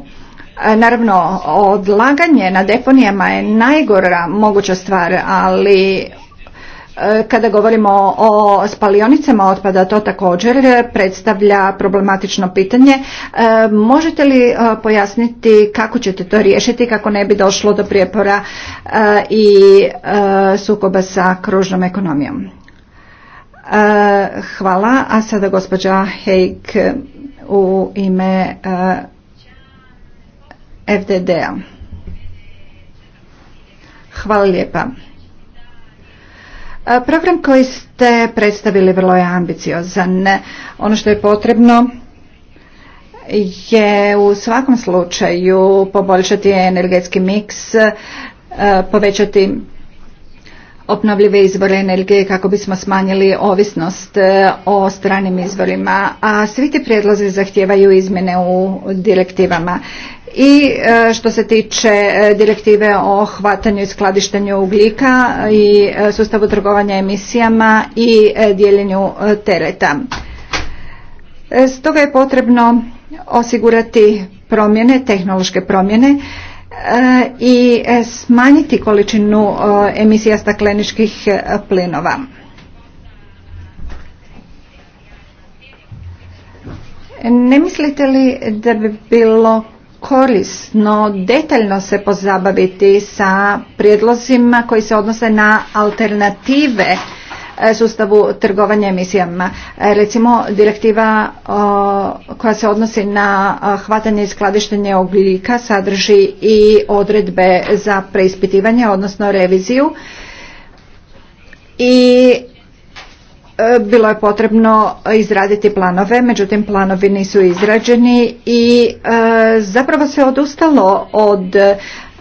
E, naravno, odlaganje na deponijama je najgora moguća stvar, ali e, kada govorimo o spalionicama otpada, to također predstavlja problematično pitanje. E, možete li pojasniti kako ćete to riješiti kako ne bi došlo do prijepora i sukoba sa kružnom ekonomijom? Hvala, a sada gospođa Heik u ime FDD-a. Hvala lijepa. E, program koji ste predstavili vrlo je ambiciozan. Ono što je potrebno je u svakom slučaju poboljšati energetski miks, e, povećati obnovljive izvore energije kako bismo smanjili ovisnost e, o stranim izvorima, a svi ti prijedlozi zahtijevaju izmjene u direktivama. I e, što se tiče e, direktive o hvatanju i skladištenju ugljika i sustavu trgovanja emisijama i dijeljenju tereta. Stoga je potrebno osigurati promjene, tehnološke promjene i e, smanjiti količinu e, emisija stakleničkih e, plinova. Ne mislite li da bi bilo korisno detaljno se pozabaviti sa prijedlozima koji se odnose na alternative E, sustavu trgovanja emisijama. E, recimo direktiva koja se odnosi na e, hvatanje i skladištenje ugljika sadrži i odredbe za preispitivanje, odnosno reviziju i bilo je potrebno izraditi planove, međutim planovi nisu izrađeni i zapravo se odustalo od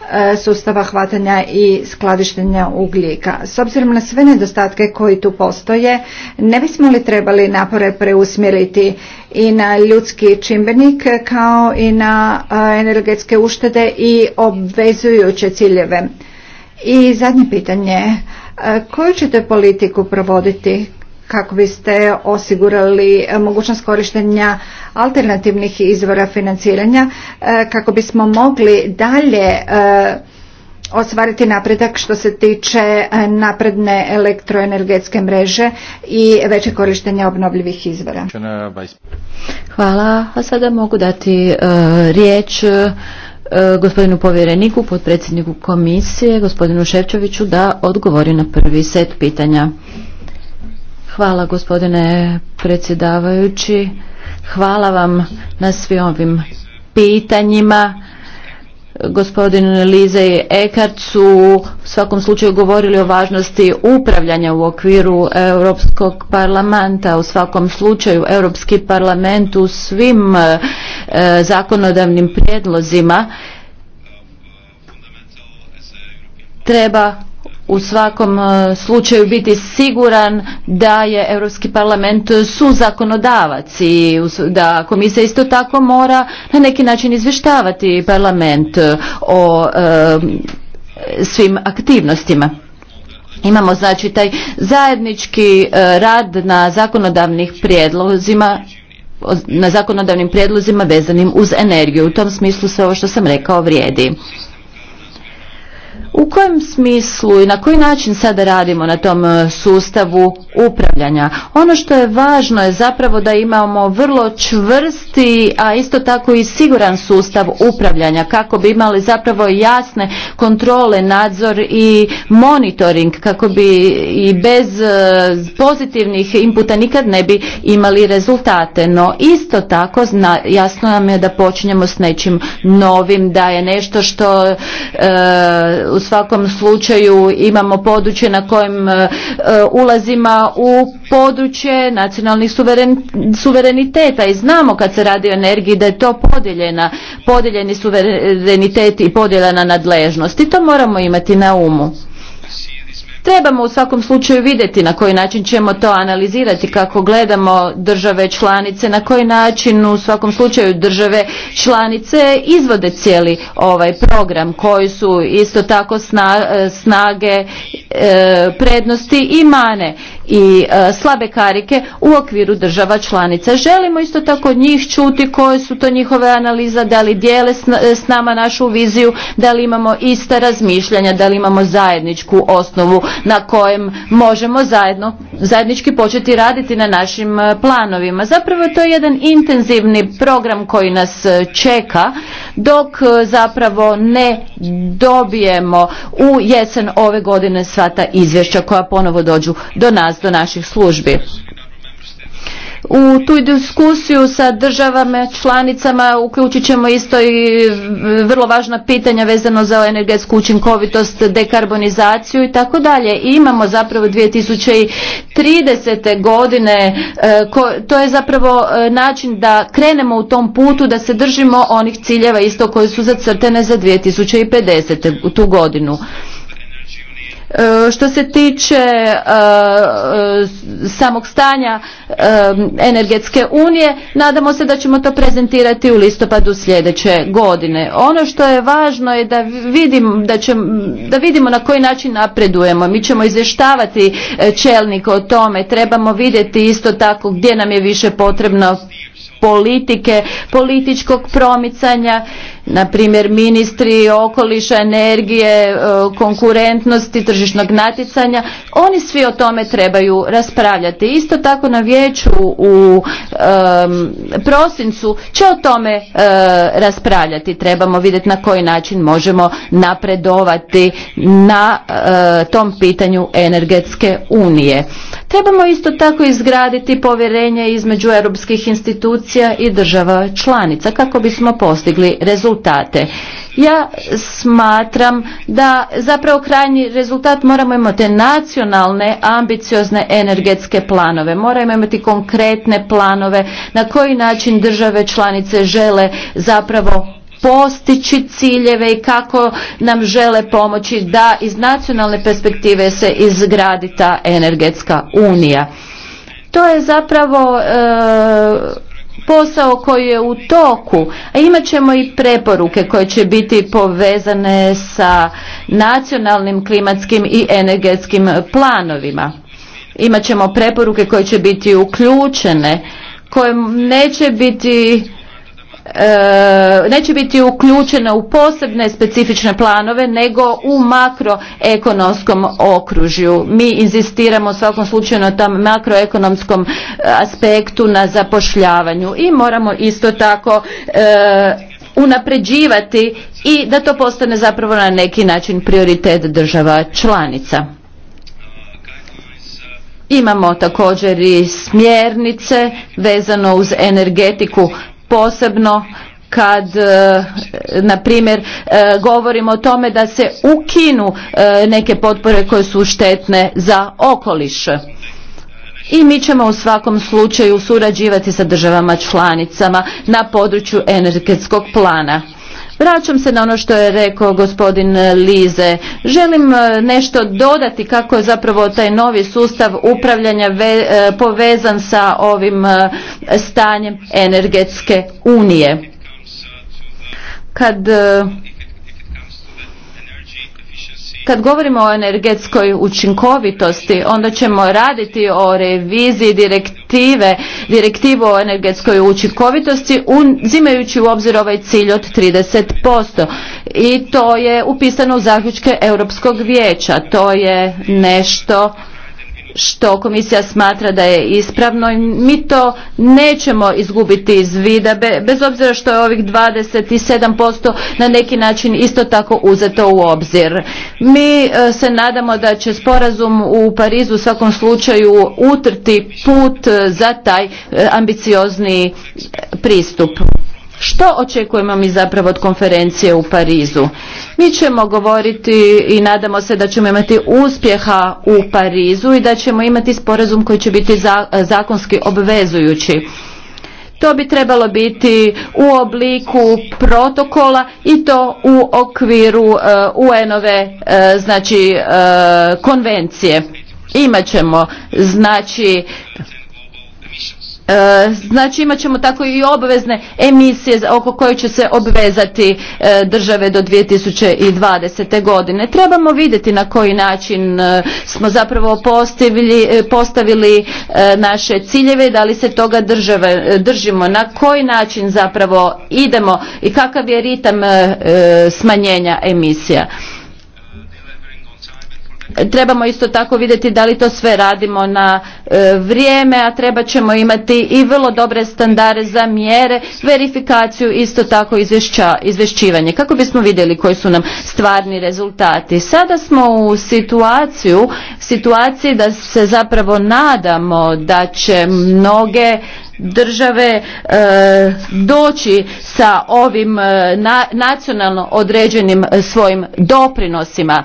E, sustava hvatanja i skladištenja ugljika. S obzirom na sve nedostatke koji tu postoje, ne bismo li trebali napore preusmjeriti i na ljudski čimbenik kao i na e, energetske uštede i obvezujuće ciljeve? I zadnje pitanje, e, koju ćete politiku provoditi kako biste osigurali mogućnost korištenja alternativnih izvora financiranja e, kako bismo mogli dalje e, ostvariti napredak što se tiče e, napredne elektroenergetske mreže i veće korištenja obnovljivih izvora. Hvala. A sada mogu dati riječ gospodinu povjereniku, potpredsjedniku komisije, gospodinu Ševčoviću da odgovori na prvi set pitanja. Hvala gospodine predsjedavajući. Hvala vam na svim ovim pitanjima. Gospodin Lize i Ekart su u svakom slučaju govorili o važnosti upravljanja u okviru Europskog parlamenta. U svakom slučaju Europski parlament u svim e, zakonodavnim prijedlozima treba u svakom e, slučaju biti siguran da je Europski parlament zakonodavac i da komisija isto tako mora na neki način izvještavati parlament o e, svim aktivnostima. Imamo znači taj zajednički e, rad na zakonodavnih prijedlozima na zakonodavnim prijedlozima vezanim uz energiju. U tom smislu sve ovo što sam rekao vrijedi. U kojem smislu i na koji način sada radimo na tom e, sustavu upravljanja? Ono što je važno je zapravo da imamo vrlo čvrsti, a isto tako i siguran sustav upravljanja kako bi imali zapravo jasne kontrole, nadzor i monitoring kako bi i bez e, pozitivnih inputa nikad ne bi imali rezultate. No isto tako jasno nam je da počinjemo s nečim novim, da je nešto što e, svakom slučaju imamo područje na kojem e, e, ulazima u područje nacionalnih suveren, suvereniteta i znamo kad se radi o energiji da je to podijeljena, podijeljeni suverenitet i podijeljena nadležnost i to moramo imati na umu. Trebamo u svakom slučaju vidjeti na koji način ćemo to analizirati kako gledamo države članice, na koji način u svakom slučaju države članice izvode cijeli ovaj program koji su isto tako e, snage, e, prednosti i mane i e, slabe karike u okviru država članica. Želimo isto tako njih čuti koje su to njihove analiza, da li dijele s nama našu viziju, da li imamo ista razmišljanja, da li imamo zajedničku osnovu na kojem možemo zajedno, zajednički početi raditi na našim e, planovima. Zapravo to je jedan intenzivni program koji nas e, čeka dok e, zapravo ne dobijemo u jesen ove godine sva ta izvješća koja ponovo dođu do nas, do naših službi. U tu diskusiju sa državama članicama uključit ćemo isto i e, vrlo važna pitanja vezano za energetsku učinkovitost, dekarbonizaciju i tako dalje. Imamo zapravo 2030. godine, e, to je zapravo e, način da krenemo u tom putu, da se držimo onih ciljeva isto koji su zacrtene za 2050. tu godinu. E, što se tiče e, e, samog stanja energetske unije, nadamo se da ćemo to prezentirati u listopadu sljedeće godine. Ono što je važno je da, da, da vidimo na koji način napredujemo. Mi ćemo izvještavati čelnika o tome, trebamo vidjeti isto tako gdje nam je više potrebno politike, političkog promicanja na primjer ministri okoliša, energije, e, konkurentnosti, tržišnog natjecanja, oni svi o tome trebaju raspravljati. Isto tako na vijeću u prosincu će o tome e, raspravljati. Trebamo vidjeti na koji način možemo napredovati na e, tom pitanju energetske unije. Trebamo isto tako izgraditi povjerenje između europskih institucija i država članica kako bismo postigli rezultat rezultate. Ja smatram da zapravo krajnji rezultat moramo imati nacionalne ambiciozne energetske planove. Moramo imati konkretne planove na koji način države članice žele zapravo postići ciljeve i kako nam žele pomoći da iz nacionalne perspektive se izgradi ta energetska unija. To je zapravo e, posao koji je u toku, a imat ćemo i preporuke koje će biti povezane sa nacionalnim klimatskim i energetskim planovima. Imat ćemo preporuke koje će biti uključene, koje neće biti E, neće biti uključena u posebne specifične planove nego u makroekonomskom okružju. Mi inzistiramo u svakom slučaju na tom makroekonomskom e, aspektu na zapošljavanju i moramo isto tako e, unapređivati i da to postane zapravo na neki način prioritet država članica. Imamo također i smjernice vezano uz energetiku posebno kad e, na primjer e, govorimo o tome da se ukinu e, neke potpore koje su štetne za okoliš i mi ćemo u svakom slučaju surađivati sa državama članicama na području energetskog plana Vraćam se na ono što je rekao gospodin e, Lize. Želim e, nešto dodati kako je zapravo taj novi sustav upravljanja e, povezan sa ovim stanjem energetske unije. Kad kad govorimo o energetskoj učinkovitosti, onda ćemo raditi o reviziji direktive, direktivu o energetskoj učinkovitosti, uzimajući u obzir ovaj cilj od 30%. I to je upisano u zaključke Europskog vijeća. To je nešto što komisija smatra da je ispravno i mi to nećemo izgubiti iz vida bez obzira što je ovih 27% na neki način isto tako uzeto u obzir. Mi e, se nadamo da će sporazum u Parizu u svakom slučaju utrti put e, za taj e, ambiciozni pristup. Što očekujemo mi zapravo od konferencije u Parizu? Mi ćemo govoriti i nadamo se da ćemo imati uspjeha u Parizu i da ćemo imati sporazum koji će biti e, zakonski obvezujući. To bi trebalo biti u obliku protokola i to u okviru uh, UN-ove e, znači uh, konvencije. Imaćemo znači E, znači imat ćemo tako i obvezne emisije oko koje će se obvezati e, države do 2020. godine. Trebamo vidjeti na koji način e, smo zapravo postavili, postavili naše ciljeve i da li se toga države, držimo, na koji način zapravo idemo i kakav je ritam smanjenja emisija. Trebamo isto tako vidjeti da li to sve radimo na e, vrijeme, a treba ćemo imati i vrlo dobre standarde za mjere, verifikaciju, isto tako izvješća, izvješćivanje. Kako bismo vidjeli koji su nam stvarni rezultati. Sada smo u situaciju, situaciji da se zapravo nadamo da će mnoge države e, doći sa ovim e, nacionalno određenim svojim doprinosima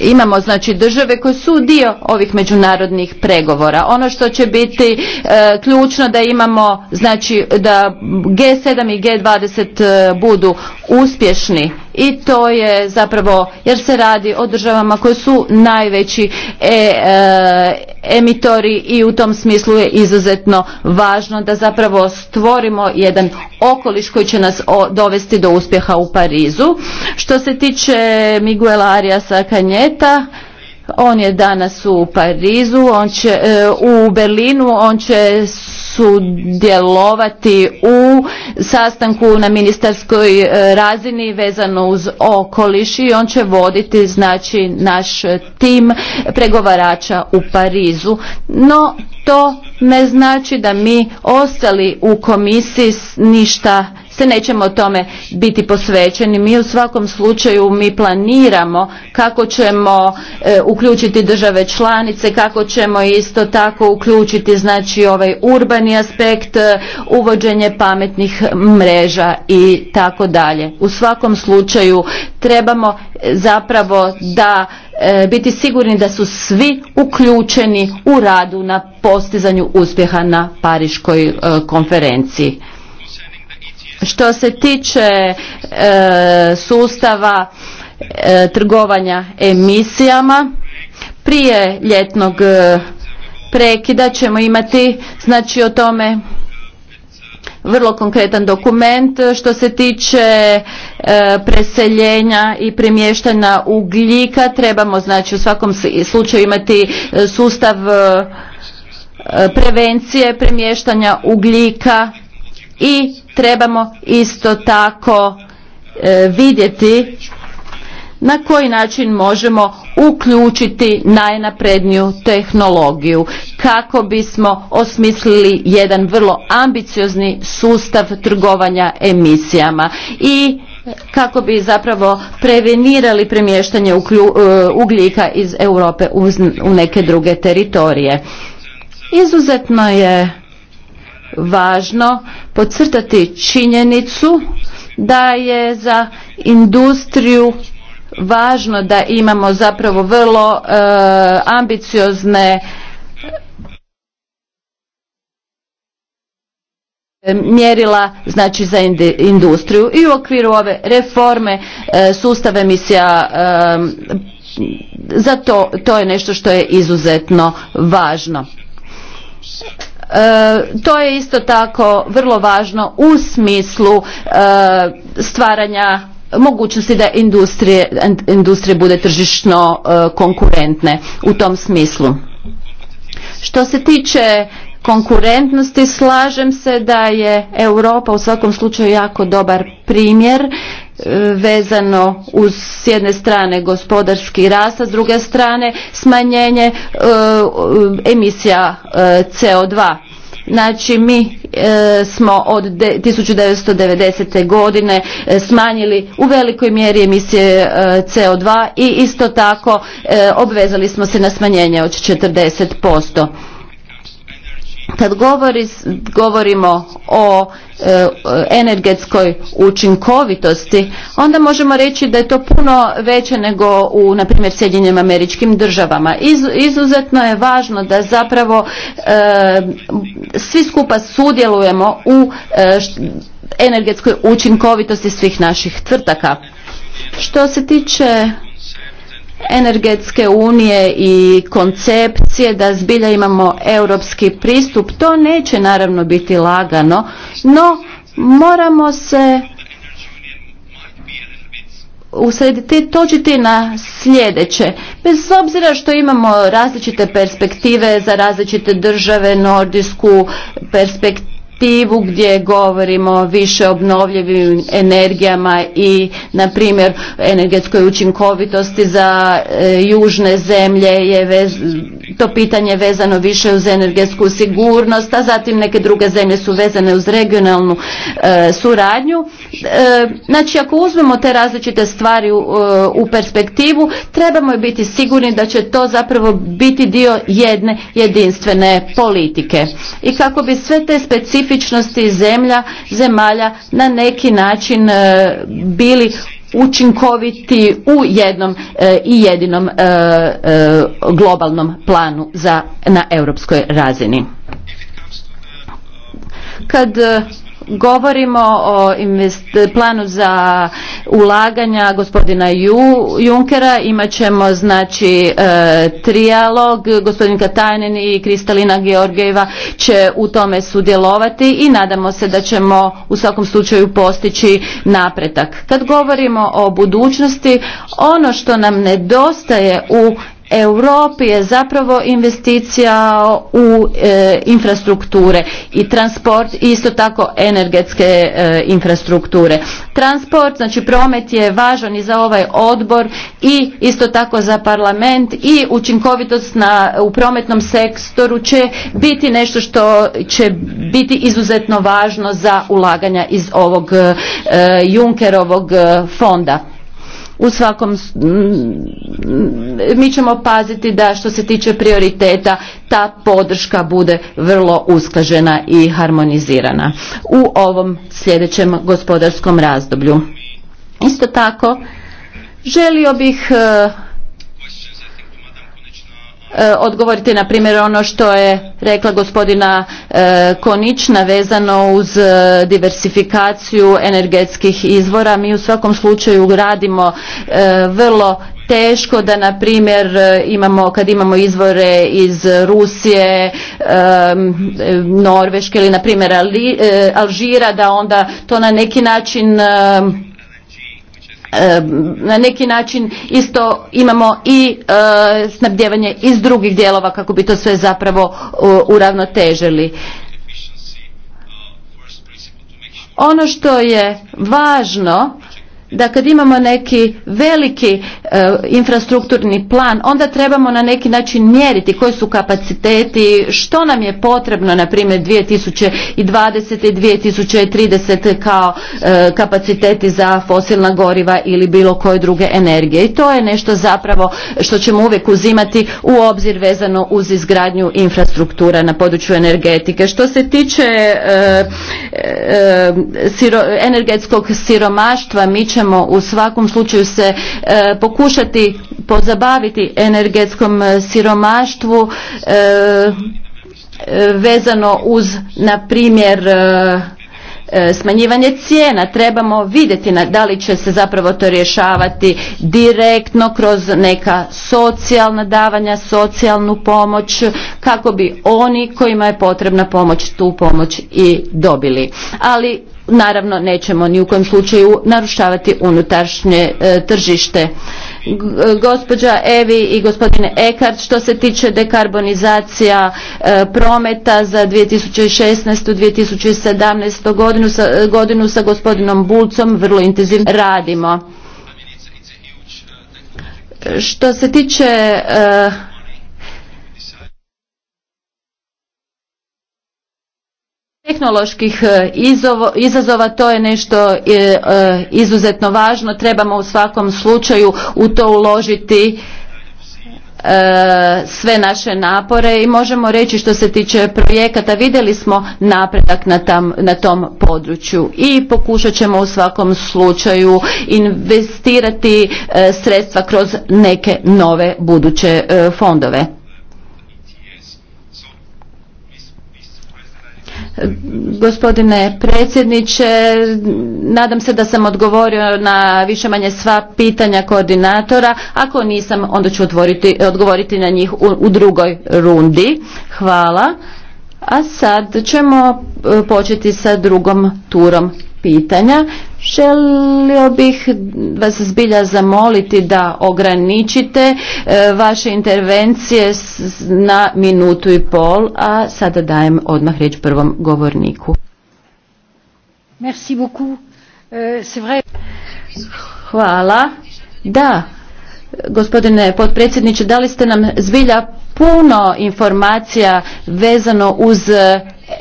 Imamo znači države koje su dio ovih međunarodnih pregovora. Ono što će biti e, ključno da imamo znači da G7 i G20 e, budu uspješni i to je zapravo jer se radi o državama koje su najveći e, e, emitori i u tom smislu je izuzetno važno da zapravo stvorimo jedan okoliš koji će nas dovesti do uspjeha u Parizu. Što se tiče Miguela Ariasa Kanjeta, on je danas u Parizu, on će, e, u Berlinu, on će sudjelovati u sastanku na ministarskoj e, razini vezano uz okoliš i on će voditi znači naš tim pregovarača u Parizu. No to ne znači da mi ostali u komisiji ništa se nećemo tome biti posvećeni. Mi u svakom slučaju mi planiramo kako ćemo e, uključiti države članice, kako ćemo isto tako uključiti znači ovaj urbani aspekt, e, uvođenje pametnih mreža i tako dalje. U svakom slučaju trebamo e, zapravo da biti sigurni da su svi uključeni u radu na postizanju uspjeha na Pariškoj konferenciji. Što se tiče e, sustava e, trgovanja emisijama, prije ljetnog e, prekida ćemo imati znači o tome vrlo konkretan dokument što se tiče preseljenja i premještanja ugljika trebamo znači u svakom slučaju imati sustav prevencije premještanja ugljika i trebamo isto tako e, vidjeti na koji način možemo uključiti najnapredniju tehnologiju kako bismo osmislili jedan vrlo ambiciozni sustav trgovanja emisijama i kako bi zapravo prevenirali premještanje e, ugljika iz Europe u neke druge teritorije. Izuzetno je važno podcrtati činjenicu da je za industriju važno da imamo zapravo vrlo e, ambiciozne e, mjerila znači za industriju i u okviru ove reforme e, sustava emisija e, za to, to je nešto što je izuzetno važno. E, to je isto tako vrlo važno u smislu e, stvaranja mogućnosti da industrije, industrije bude tržišno e, konkurentne u tom smislu. Što se tiče konkurentnosti slažem se da je Europa u svakom slučaju jako dobar primjer E, vezano uz s jedne strane gospodarski rast, a s druge strane smanjenje e, emisija e, CO2. Znači mi smo od 1990. godine smanjili u velikoj mjeri emisije CO2 i isto tako obvezali smo se na smanjenje od 40%. Kad govorimo o e, energetskoj učinkovitosti, onda možemo reći da je to puno veće nego u, na primjer, Sjedinjenim američkim državama. izuzetno je važno da zapravo e, svi skupa sudjelujemo u e, energetskoj učinkovitosti svih naših tvrtaka. Što se tiče energetske unije i koncepcije da zbilja imamo europski pristup. To neće naravno biti lagano, no moramo se usrediti, točiti na sljedeće. Bez obzira što imamo različite perspektive za različite države, nordijsku perspektivu, perspektivu gdje govorimo više obnovljivim energijama i na primjer energetskoj učinkovitosti za e, južne zemlje je to pitanje vezano više uz energetsku sigurnost, a zatim neke druge zemlje su vezane uz regionalnu e, suradnju. E, znači ako uzmemo te različite stvari u, u perspektivu, trebamo biti sigurni da će to zapravo biti dio jedne jedinstvene politike. I kako bi sve te specifične specifičnosti zemlja, zemalja na neki način e, bili učinkoviti u jednom e, i jedinom e, globalnom planu za na europskoj razini. Kad Govorimo o planu za ulaganja gospodina Junkera, imat ćemo znači e, trijalog, gospodin Katajnen i Kristalina Georgijeva će u tome sudjelovati i nadamo se da ćemo u svakom slučaju postići napretak. Kad govorimo o budućnosti, ono što nam nedostaje u Europi je zapravo investicija u e, infrastrukture i transport i isto tako energetske e, infrastrukture. Transport, znači promet je važan i za ovaj odbor i isto tako za parlament i učinkovitost na, u prometnom sektoru će biti nešto što će biti izuzetno važno za ulaganja iz ovog e, Junkerovog e, fonda u svakom mi ćemo paziti da što se tiče prioriteta ta podrška bude vrlo usklažena i harmonizirana u ovom sljedećem gospodarskom razdoblju. Isto tako želio bih e, E, odgovoriti na primjer ono što je rekla gospodina e, Konična vezano uz e, diversifikaciju energetskih izvora. Mi u svakom slučaju radimo vrlo teško da na primjer imamo kad imamo izvore iz Rusije, Norveške ili na primjer Alžira da onda to na neki način na neki način isto imamo i e, snabdjevanje iz drugih dijelova kako bi to sve zapravo uravnotežili. Ono što je važno da kad imamo neki veliki e, infrastrukturni plan onda trebamo na neki način mjeriti koji su kapaciteti što nam je potrebno na primjer 2020 i 2030 kao e, kapaciteti za fosilna goriva ili bilo koje druge energije i to je nešto zapravo što ćemo uvijek uzimati u obzir vezano uz izgradnju infrastruktura na području energetike što se tiče e, energetskog siromaštva mi ćemo ćemo u svakom slučaju se e, pokušati pozabaviti energetskom e, siromaštvu e, vezano uz na primjer smanjivanje cijena trebamo vidjeti na, da li će se zapravo to rješavati direktno kroz neka socijalna davanja socijalnu pomoć kako bi oni kojima je potrebna pomoć tu pomoć i dobili ali naravno nećemo ni u kojem slučaju narušavati unutaršnje e, tržište. gospođa Evi i gospodine Ekart, što se tiče dekarbonizacija e, prometa za 2016. 2017. godinu sa, godinu sa gospodinom Bulcom vrlo intenzivno radimo. Što se tiče e, tehnoloških e, izazova to je nešto e, e, izuzetno važno trebamo u svakom slučaju u to uložiti sve naše napore i možemo reći što se tiče projekata vidjeli smo napredak na, tam, na tom području i pokušat ćemo u svakom slučaju investirati sredstva kroz neke nove buduće fondove Gospodine predsjedniče, nadam se da sam odgovorio na više manje sva pitanja koordinatora. Ako nisam, onda ću odgovoriti na njih u, u drugoj rundi. Hvala. A sad ćemo e, početi sa drugom turom pitanja. Želio bih vas zbilja zamoliti da ograničite e, vaše intervencije na minutu i pol, a sada dajem odmah riječ prvom govorniku. Merci beaucoup. E, Hvala. Da, gospodine potpredsjedniče, dali ste nam zbilja puno informacija vezano uz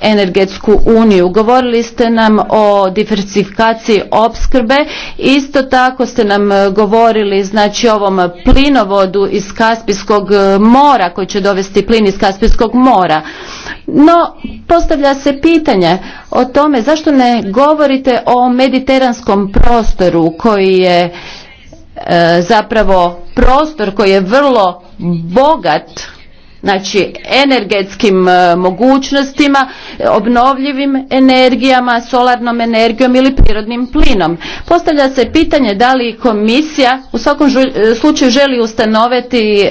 energetsku uniju. Govorili ste nam o diversifikaciji opskrbe, isto tako ste nam e, govorili znači ovom plinovodu iz Kaspijskog e, mora koji će dovesti plin iz Kaspijskog mora. No, postavlja se pitanje o tome zašto ne govorite o mediteranskom prostoru koji je e, zapravo prostor koji je vrlo bogat znači energetskim e, mogućnostima, obnovljivim energijama, solarnom energijom ili prirodnim plinom. Postavlja se pitanje da li komisija u svakom e, slučaju želi ustanoviti e,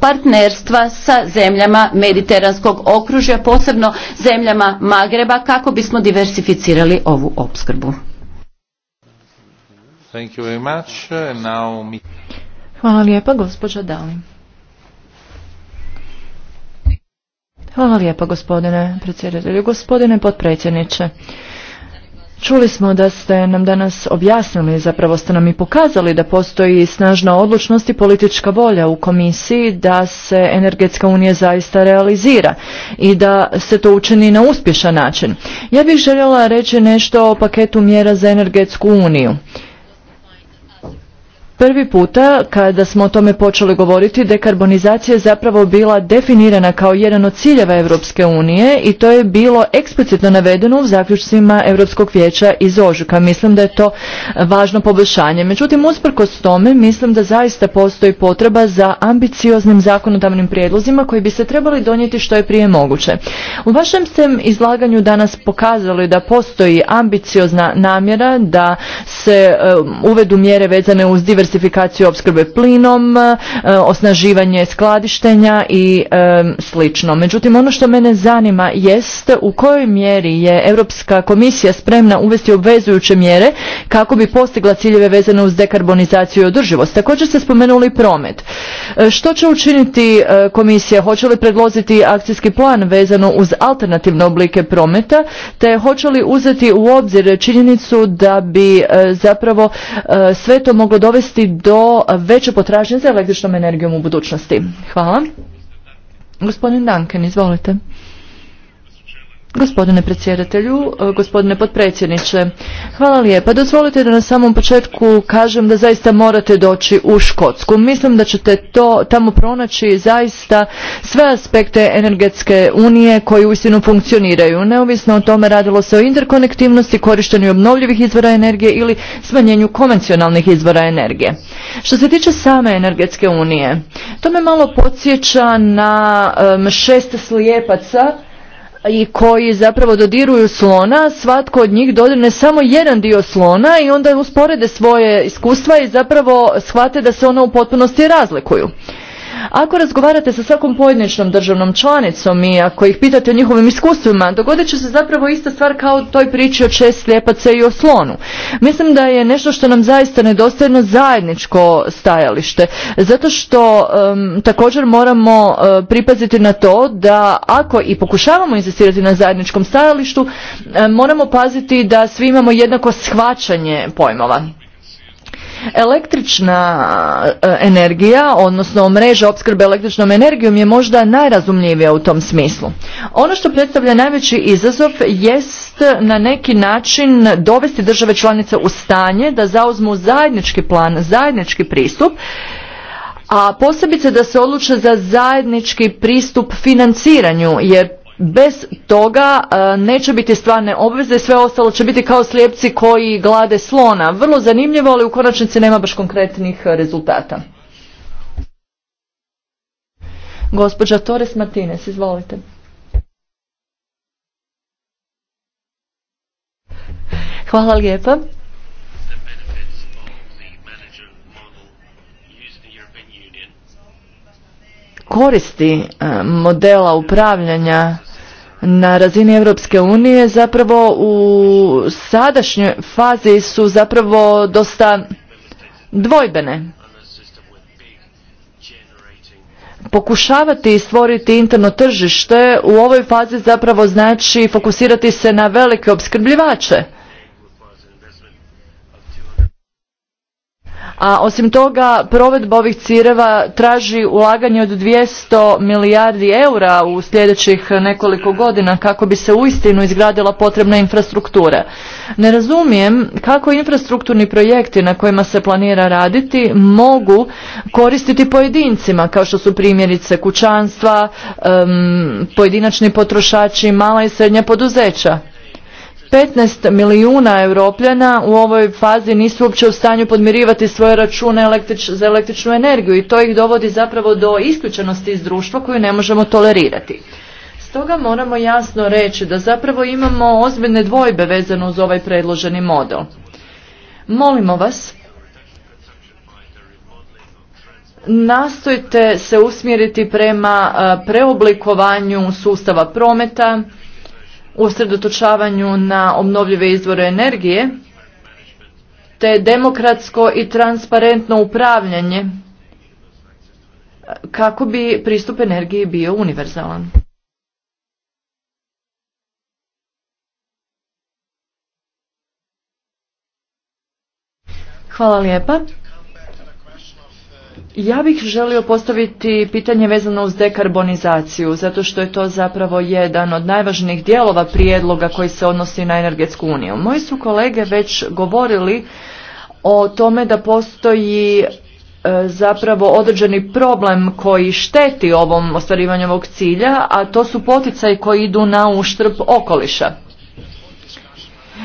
partnerstva sa zemljama mediteranskog okružja, posebno zemljama Magreba kako bismo diversificirali ovu opskrbu. Thank you very much. Hvala lijepa, gospođa Dalim. Hvala lijepa gospodine predsjedatelju. Gospodine potpredsjedniče, Čuli smo da ste nam danas objasnili, zapravo ste nam i pokazali da postoji snažna odlučnost i politička volja u komisiji da se energetska unija zaista realizira i da se to učini na uspješan način. Ja bih željela reći nešto o paketu mjera za energetsku uniju. Prvi puta kada smo o tome počeli govoriti, dekarbonizacija je zapravo bila definirana kao jedan od ciljeva Europske unije i to je bilo eksplicitno navedeno u zaključcima Europskog vijeća iz Ožuka. Mislim da je to važno poboljšanje. Međutim, usprkos tome, mislim da zaista postoji potreba za ambicioznim zakonodavnim prijedlozima koji bi se trebali donijeti što je prije moguće. U vašem ste izlaganju danas pokazali da postoji ambiciozna namjera da se e, uvedu mjere vezane uz diversifikaciju diversifikaciju opskrbe plinom, e, osnaživanje skladištenja i e, slično. Međutim, ono što mene zanima jest u kojoj mjeri je Europska komisija spremna uvesti obvezujuće mjere kako bi postigla ciljeve vezane uz dekarbonizaciju i održivost. Također ste spomenuli promet. E, što će učiniti komisija? Hoće li predložiti akcijski plan vezano uz alternativne oblike prometa, te hoće li uzeti u obzir činjenicu da bi zapravo sve to moglo dovesti dovesti do veće potražnje za električnom energijom u budućnosti. Hvala. Gospodin Duncan, izvolite. Gospodine predsjedatelju, e, gospodine potpredsjedniče, hvala lijepa. Dozvolite da na samom početku kažem da zaista morate doći u Škotsku. Mislim da ćete to tamo pronaći zaista sve aspekte energetske unije koji uistinu funkcioniraju. Neovisno o tome radilo se o interkonektivnosti, korištenju obnovljivih izvora energije ili smanjenju konvencionalnih izvora energije. Što se tiče same energetske unije, to me malo podsjeća na šest slijepaca i koji zapravo dodiruju slona, svatko od njih dodirne samo jedan dio slona i onda usporede svoje iskustva i zapravo shvate da se ono u potpunosti razlikuju. Ako razgovarate sa svakom pojedinačnom državnom članicom i ako ih pitate o njihovim iskustvima, dogodit će se zapravo ista stvar kao toj priči o šest slijepaca i o slonu. Mislim da je nešto što nam zaista nedostaje zajedničko stajalište, zato što također moramo e, pripaziti na to da ako i pokušavamo insistirati na zajedničkom stajalištu, moramo paziti da svi imamo jednako shvaćanje pojmova. Električna e, energija, odnosno mreža opskrbe električnom energijom je možda najrazumljivija u tom smislu. Ono što predstavlja najveći izazov jest na neki način dovesti države članice u stanje da zauzmu zajednički plan, zajednički pristup a posebice da se odluče za zajednički pristup financiranju jer Bez toga e, neće biti stvarne obveze, sve ostalo će biti kao slijepci koji glade slona. Vrlo zanimljivo, ali u konačnici nema baš konkretnih e, rezultata. Gospođa Torres Martinez, izvolite. Hvala lijepa. Koristi e, modela upravljanja na razini Europske unije zapravo u sadašnjoj fazi su zapravo dosta dvojbene. Pokušavati stvoriti interno tržište u ovoj fazi zapravo znači fokusirati se na velike opskrbljivače A osim toga, provedba ovih cireva traži ulaganje od 200 milijardi eura u sljedećih nekoliko godina kako bi se uistinu izgradila potrebna infrastruktura. Ne razumijem kako infrastrukturni projekti na kojima se planira raditi mogu koristiti pojedincima, kao što su primjerice kućanstva, pojedinačni potrošači, mala i srednja poduzeća. 15 milijuna europljana u ovoj fazi nisu uopće u stanju podmirivati svoje račune za električnu energiju i to ih dovodi zapravo do isključenosti iz društva koju ne možemo tolerirati. Stoga moramo jasno reći da zapravo imamo ozbiljne dvojbe vezano uz ovaj predloženi model. Molimo vas nastojte se usmjeriti prema preoblikovanju sustava prometa, usredotočavanju na obnovljive izvore energije, te demokratsko i transparentno upravljanje kako bi pristup energiji bio univerzalan. Hvala lijepa. Ja bih želio postaviti pitanje vezano uz dekarbonizaciju, zato što je to zapravo jedan od najvažnijih dijelova prijedloga koji se odnosi na energetsku uniju. Moji su kolege već govorili o tome da postoji e, zapravo određeni problem koji šteti ovom ostvarivanju ovog cilja, a to su poticaj koji idu na uštrb okoliša.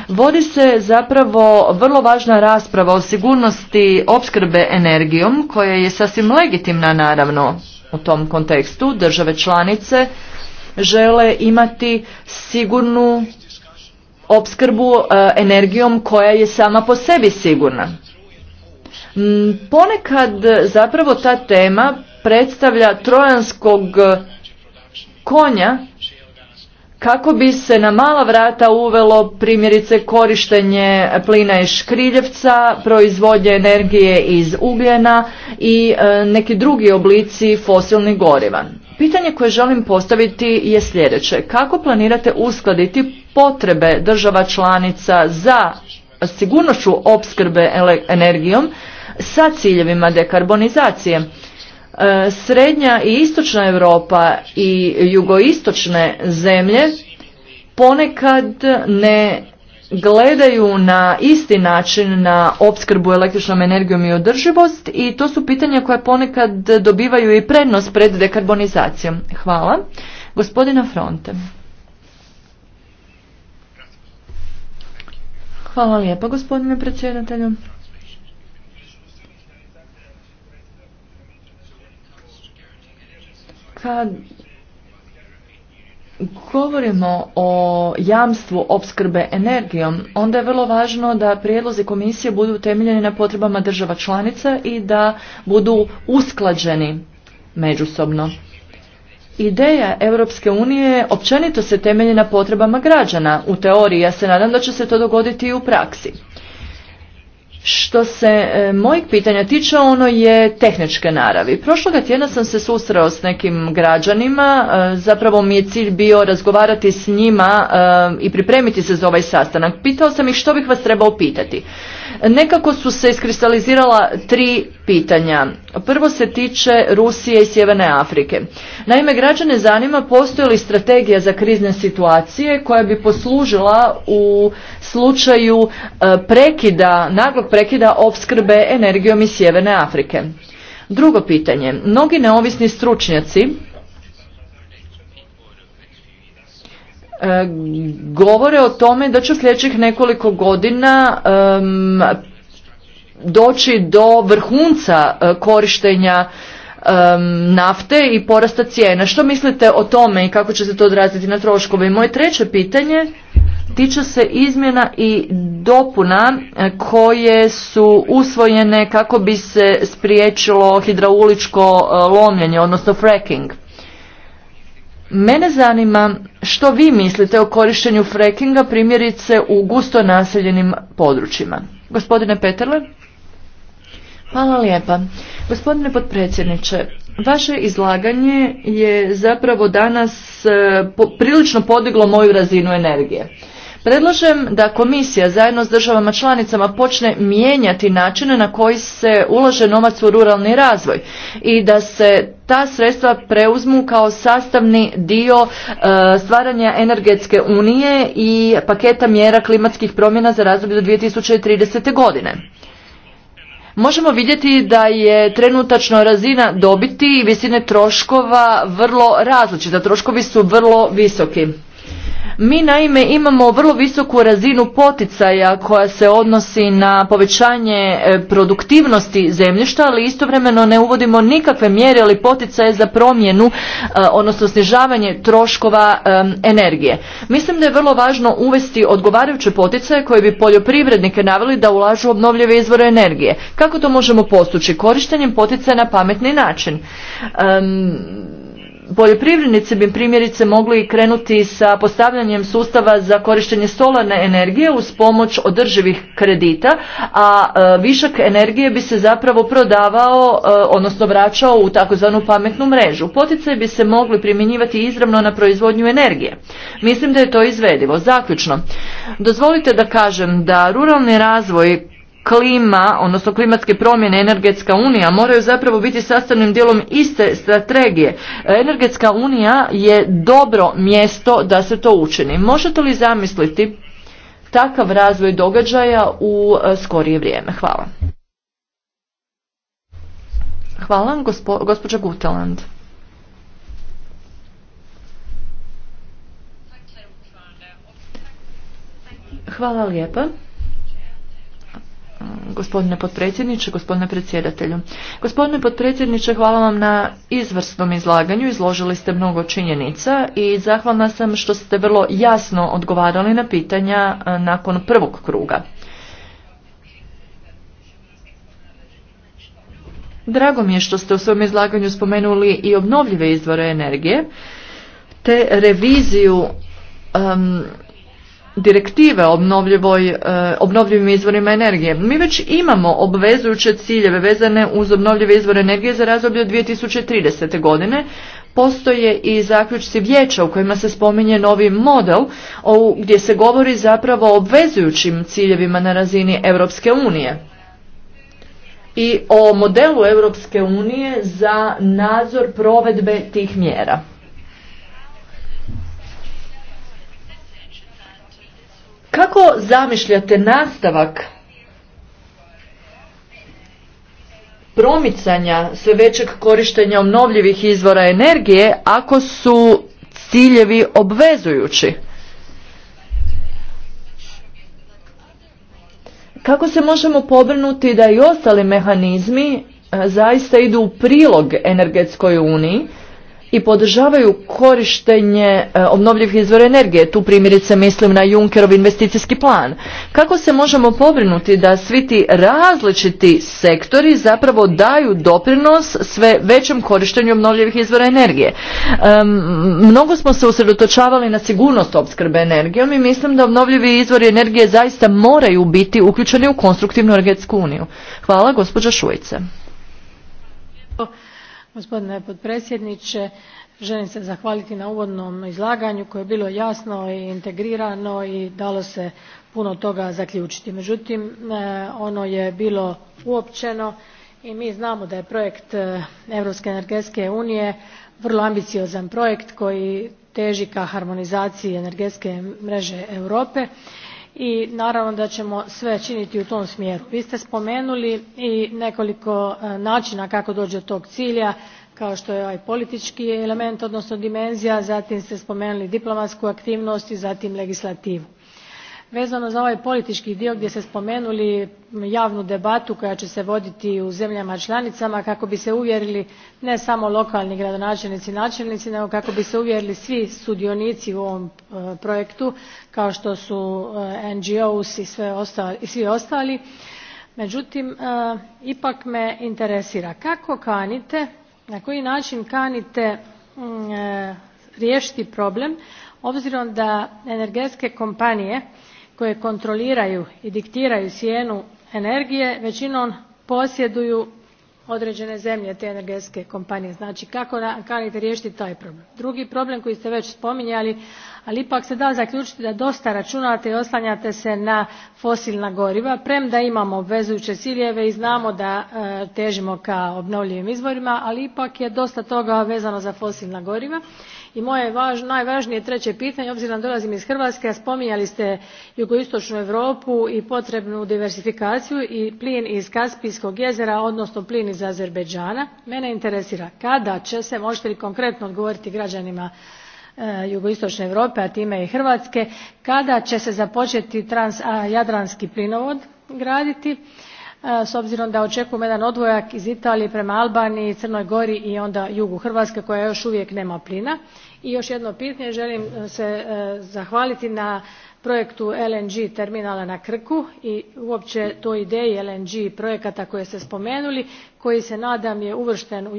Vodi se zapravo vrlo važna rasprava o sigurnosti opskrbe energijom koja je sasvim legitimna naravno u tom kontekstu. Države članice žele imati sigurnu opskrbu e, energijom koja je sama po sebi sigurna. ponekad zapravo ta tema predstavlja trojanskog konja kako bi se na mala vrata uvelo primjerice korištenje plina iz škriljevca, proizvodnje energije iz ugljena i e, neki drugi oblici fosilnih goriva. Pitanje koje želim postaviti je sljedeće. Kako planirate uskladiti potrebe država članica za sigurnošću opskrbe energijom sa ciljevima dekarbonizacije? E, srednja i istočna Europa i jugoistočne zemlje ponekad ne gledaju na isti način na opskrbu električnom energijom i održivost i to su pitanja koja ponekad dobivaju i prednost pred dekarbonizacijom. Hvala. Gospodina Fronte. Hvala lijepa gospodine predsjedatelju. Kad govorimo o jamstvu opskrbe energijom, onda je vrlo važno da prijedlozi komisije budu temeljeni na potrebama država članica i da budu usklađeni međusobno. Ideja Europske unije općenito se temelji na potrebama građana. U teoriji ja se nadam da će se to dogoditi i u praksi. Što se e, mojeg pitanja tiče, ono je tehničke naravi. Prošloga tjedna sam se susreo s nekim građanima, e, zapravo mi je cilj bio razgovarati s njima e, i pripremiti se za ovaj sastanak. Pitao sam ih što bih vas trebao pitati. Nekako su se iskristalizirala tri pitanja. Prvo se tiče Rusije i Sjeverne Afrike. Naime, građane zanima postoji li strategija za krizne situacije koja bi poslužila u slučaju e, prekida, naglog prekida opskrbe energijom iz Sjeverne Afrike. Drugo pitanje. Mnogi neovisni stručnjaci E, govore o tome da će sljedećih nekoliko godina doći do vrhunca e, korištenja nafte i porasta cijena. Što mislite o tome i kako će se to odraziti na troškove? I moje treće pitanje tiče se izmjena i dopuna e, koje su usvojene kako bi se spriječilo hidrauličko lomljenje, odnosno fracking. Mene zanima što vi mislite o korištenju frekinga primjerice u gusto naseljenim područjima. Gospodine Peterle? Hvala lijepa. Gospodine potpredsjedniče, vaše izlaganje je zapravo danas e, prilično podiglo moju razinu energije. Predlažem da komisija zajedno s državama članicama počne mijenjati načine na koji se ulaže novac u ruralni razvoj i da se ta sredstva preuzmu kao sastavni dio e, stvaranja energetske unije i paketa mjera klimatskih promjena za razdoblje do 2030. godine. Možemo vidjeti da je trenutačno razina dobiti i visine troškova vrlo različita. Troškovi su vrlo visoki. Mi naime imamo vrlo visoku razinu poticaja koja se odnosi na povećanje e, produktivnosti zemljišta, ali istovremeno ne uvodimo nikakve mjere ili poticaje za promjenu, e, odnosno snižavanje troškova energije. Mislim da je vrlo važno uvesti odgovarajuće poticaje koje bi poljoprivrednike naveli da ulažu obnovljive izvore energije. Kako to možemo postići? Korištenjem poticaja na pametni način. Poljoprivrednici bi primjerice mogli krenuti sa postavljanjem sustava za korištenje solarne energije uz pomoć održivih kredita, a e, višak energije bi se zapravo prodavao, e, odnosno vraćao u takozvanu pametnu mrežu. Potice bi se mogli primjenjivati izravno na proizvodnju energije. Mislim da je to izvedivo. Zaključno, dozvolite da kažem da ruralni razvoj klima, odnosno klimatske promjene energetska unija moraju zapravo biti sastavnim dijelom iste strategije. Energetska unija je dobro mjesto da se to učini. Možete li zamisliti takav razvoj događaja u e, skorije vrijeme? Hvala. Hvala, gospođa Guteland. Hvala lijepa gospodine potpredsjedniče, gospodine predsjedatelju. Gospodine potpredsjedniče, hvala vam na izvrsnom izlaganju, izložili ste mnogo činjenica i zahvalna sam što ste vrlo jasno odgovarali na pitanja e, nakon prvog kruga. Drago mi je što ste u svom izlaganju spomenuli i obnovljive izvore energije, te reviziju direktive o e, obnovljivim izvorima energije. Mi već imamo obvezujuće ciljeve vezane uz obnovljive izvore energije za razdoblje od 2030. godine. Postoje i zaključci vijeća u kojima se spominje novi model gdje se govori zapravo o obvezujućim ciljevima na razini Europske unije i o modelu Europske unije za nadzor provedbe tih mjera. Kako zamišljate nastavak promicanja sve većeg korištenja obnovljivih izvora energije ako su ciljevi obvezujući? Kako se možemo pobrnuti da i ostali mehanizmi e, zaista idu u prilog energetskoj uniji i podržavaju korištenje e, obnovljivih izvora energije. Tu primjerice mislim na Junckerov investicijski plan. Kako se možemo pobrinuti da svi ti različiti sektori zapravo daju doprinos sve većem korištenju obnovljivih izvora energije? mnogo smo se usredotočavali na sigurnost opskrbe energijom i mislim da obnovljivi izvori energije zaista moraju biti uključeni u konstruktivnu energetsku uniju. Hvala gospođa Šujice gospodine potpredsjedniče želim se zahvaliti na uvodnom izlaganju koje je bilo jasno i integrirano i dalo se puno toga zaključiti. međutim e, ono je bilo uopćeno i mi znamo da je projekt europske energetske unije vrlo ambiciozan projekt koji teži ka harmonizaciji energetske mreže europe i naravno da ćemo sve činiti u tom smjeru. vi ste spomenuli i nekoliko e, načina kako doći do tog cilja kao što je ovaj politički element odnosno dimenzija zatim ste spomenuli diplomatsku aktivnost i zatim legislativu vezano za ovaj politički dio gdje ste spomenuli javnu debatu koja će se voditi u zemljama članicama kako bi se uvjerili ne samo lokalni gradonačelnici i načelnici nego kako bi se uvjerili svi sudionici u ovom e, projektu kao što su e, ngo i svi ostali međutim e, ipak me interesira kako kanite na koji način kanite mm, riješiti problem obzirom da energetske kompanije koje kontroliraju i diktiraju cijenu energije većinom posjeduju određene zemlje te energetske kompanije. Znači, kako kanite riješiti taj problem? drugi problem koji ste već spominjali ali ipak se da zaključiti da dosta računate i oslanjate se na fosilna goriva premda imamo obvezujuće ciljeve i znamo da e, težimo ka obnovljivim izvorima ali ipak je dosta toga vezano za fosilna goriva i moje najvažnije treće pitanje obzirom da dolazim iz hrvatske a spominjali ste jugoistočnu europu i potrebnu diversifikaciju i plin iz kaspijskog jezera odnosno plin iz azerbajdžana mene interesira kada će se možete li konkretno odgovoriti građanima e, jugoistočne europe a time i hrvatske kada će se započeti jadranski plinovod graditi? E, s obzirom da očekujem jedan odvojak iz italije prema albaniji crnoj gori i onda jugu hrvatske koja još uvijek nema plina. i još jedno pitanje želim e, se e, zahvaliti na projektu lng terminala na krku i uopće toj ideji lng projekata koje ste spomenuli koji se nadam je uvršten u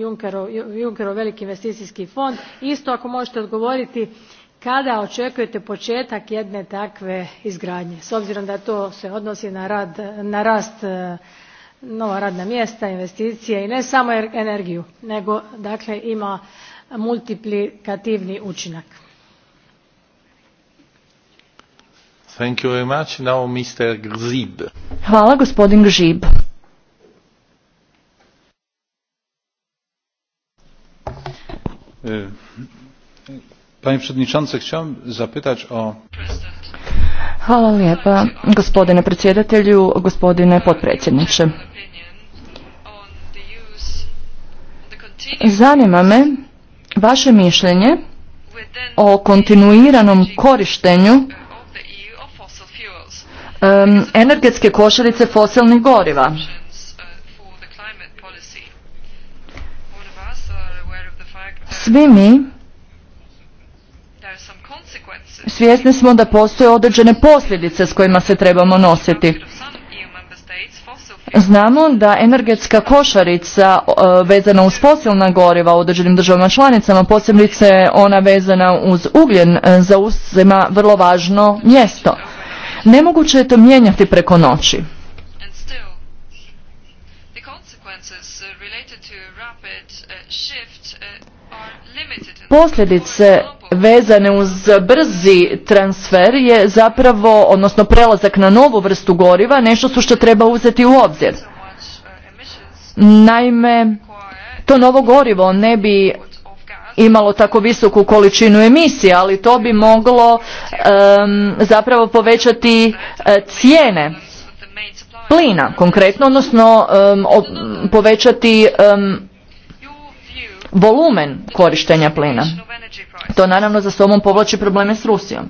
junckerov veliki investicijski fond. isto ako možete odgovoriti kada očekujete početak jedne takve izgradnje s obzirom da to se odnosi na, rast e, nova radna mjesta investicije i ne samo er, energiju nego dakle ima multiplikativni učinak Hvala gospodin e, Panie przewodniczący, chciałem zapytać o... Hvala lijepa, gospodine predsjedatelju, gospodine potpredsjedniče. Zanima me vaše mišljenje o kontinuiranom korištenju energetske košarice fosilnih goriva. Svi mi svjesni smo da postoje određene posljedice s kojima se trebamo nositi. Znamo da energetska košarica e, vezana uz fosilna goriva u određenim državama članicama, posebice ona vezana uz ugljen, e, zauzima vrlo važno mjesto. Nemoguće je to mijenjati preko noći. Posljedice vezane uz brzi transfer je zapravo, odnosno prelazak na novu vrstu goriva, nešto su što treba uzeti u obzir. Naime, to novo gorivo ne bi imalo tako visoku količinu emisije, ali to bi moglo zapravo povećati e, cijene plina konkretno, odnosno povećati volumen korištenja plina. To naravno za sobom povlači probleme s Rusijom.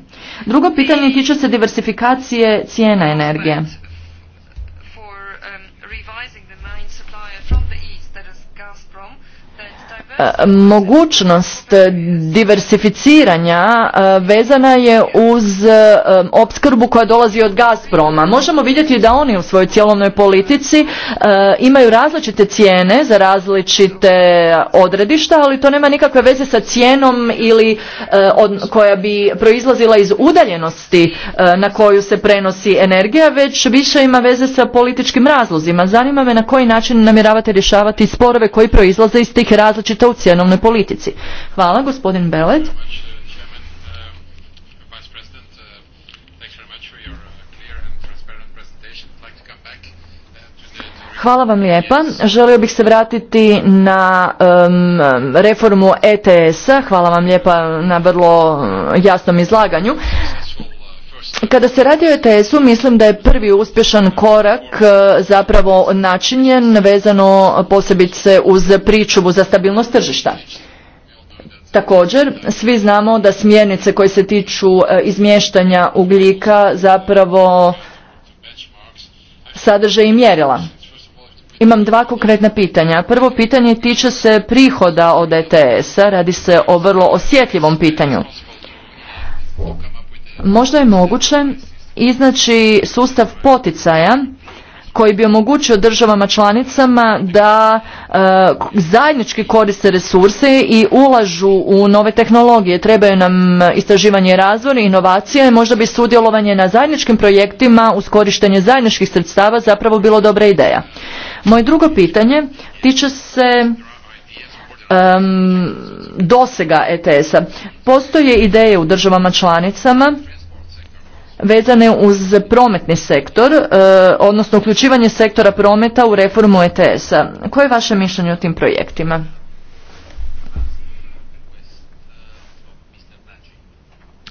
Drugo pitanje tiče se diversifikacije cijena energije. E, mogućnost diversificiranja e, vezana je uz e, opskrbu koja dolazi od Gazproma. Možemo vidjeti da oni u svojoj cijelovnoj politici imaju različite cijene za različite odredišta, ali to nema nikakve veze sa cijenom ili koja bi proizlazila iz udaljenosti na koju se prenosi energija, već više ima veze sa političkim razlozima. Zanima me na koji način namjeravate rješavati sporove koji proizlaze iz tih različita u cjenovnoj politici. Hvala, gospodin Belet. Hvala vam lijepa. Želio bih se vratiti na reformu ETS-a. Hvala vam lijepa na vrlo jasnom izlaganju. Kada se radi o ETS-u mislim da je prvi uspješan korak e, zapravo načinjen vezano posebice uz pričuvu za stabilnost tržišta. Također, svi znamo da smjernice koje se tiču e, izmještanja ugljika zapravo sadrže i mjerila. Imam dva konkretna pitanja. Prvo pitanje tiče se prihoda od ETS-a, radi se o vrlo osjetljivom pitanju. Možda je moguće iznaći sustav poticaja koji bi omogućio državama članicama da e, zajednički koriste resurse i ulažu u nove tehnologije. Trebaju nam istraživanje razvoj inovacije. Možda bi sudjelovanje na zajedničkim projektima uz korištenje zajedničkih sredstava zapravo bilo dobra ideja. Moje drugo pitanje tiče se dosega ETS-a. Postoje ideje u državama članicama vezane uz prometni sektor, e, odnosno uključivanje sektora prometa u reformu ETS-a. Koje je vaše mišljenje o tim projektima?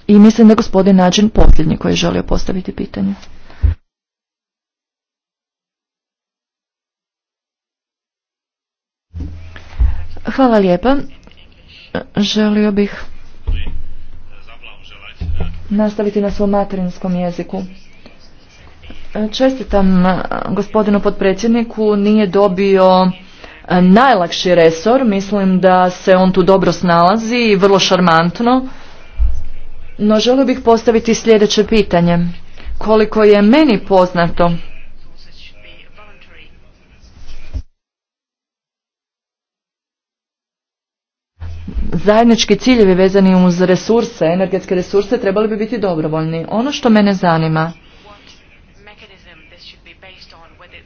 I mislim da gospodin Nađin posljednji koji je želio postaviti pitanje. Hvala lijepa. Želio bih nastaviti na svom materinskom jeziku. Čestitam e, gospodinu potpredsjedniku, nije dobio e, najlakši resor, mislim da se on tu dobro snalazi i vrlo šarmantno, no želio bih postaviti sljedeće pitanje. Koliko je meni poznato, zajednički ciljevi vezani uz resurse, energetske resurse trebali bi biti dobrovoljni. Ono što mene zanima,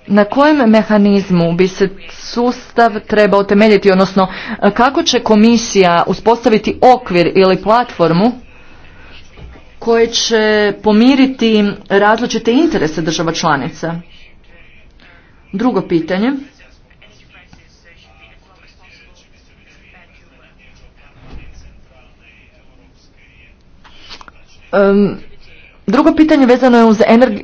na kojem mehanizmu bi se sustav trebao temeljiti, odnosno kako će komisija uspostaviti okvir ili platformu koje će pomiriti različite interese država članica? Drugo pitanje. Drugo pitanje vezano je uz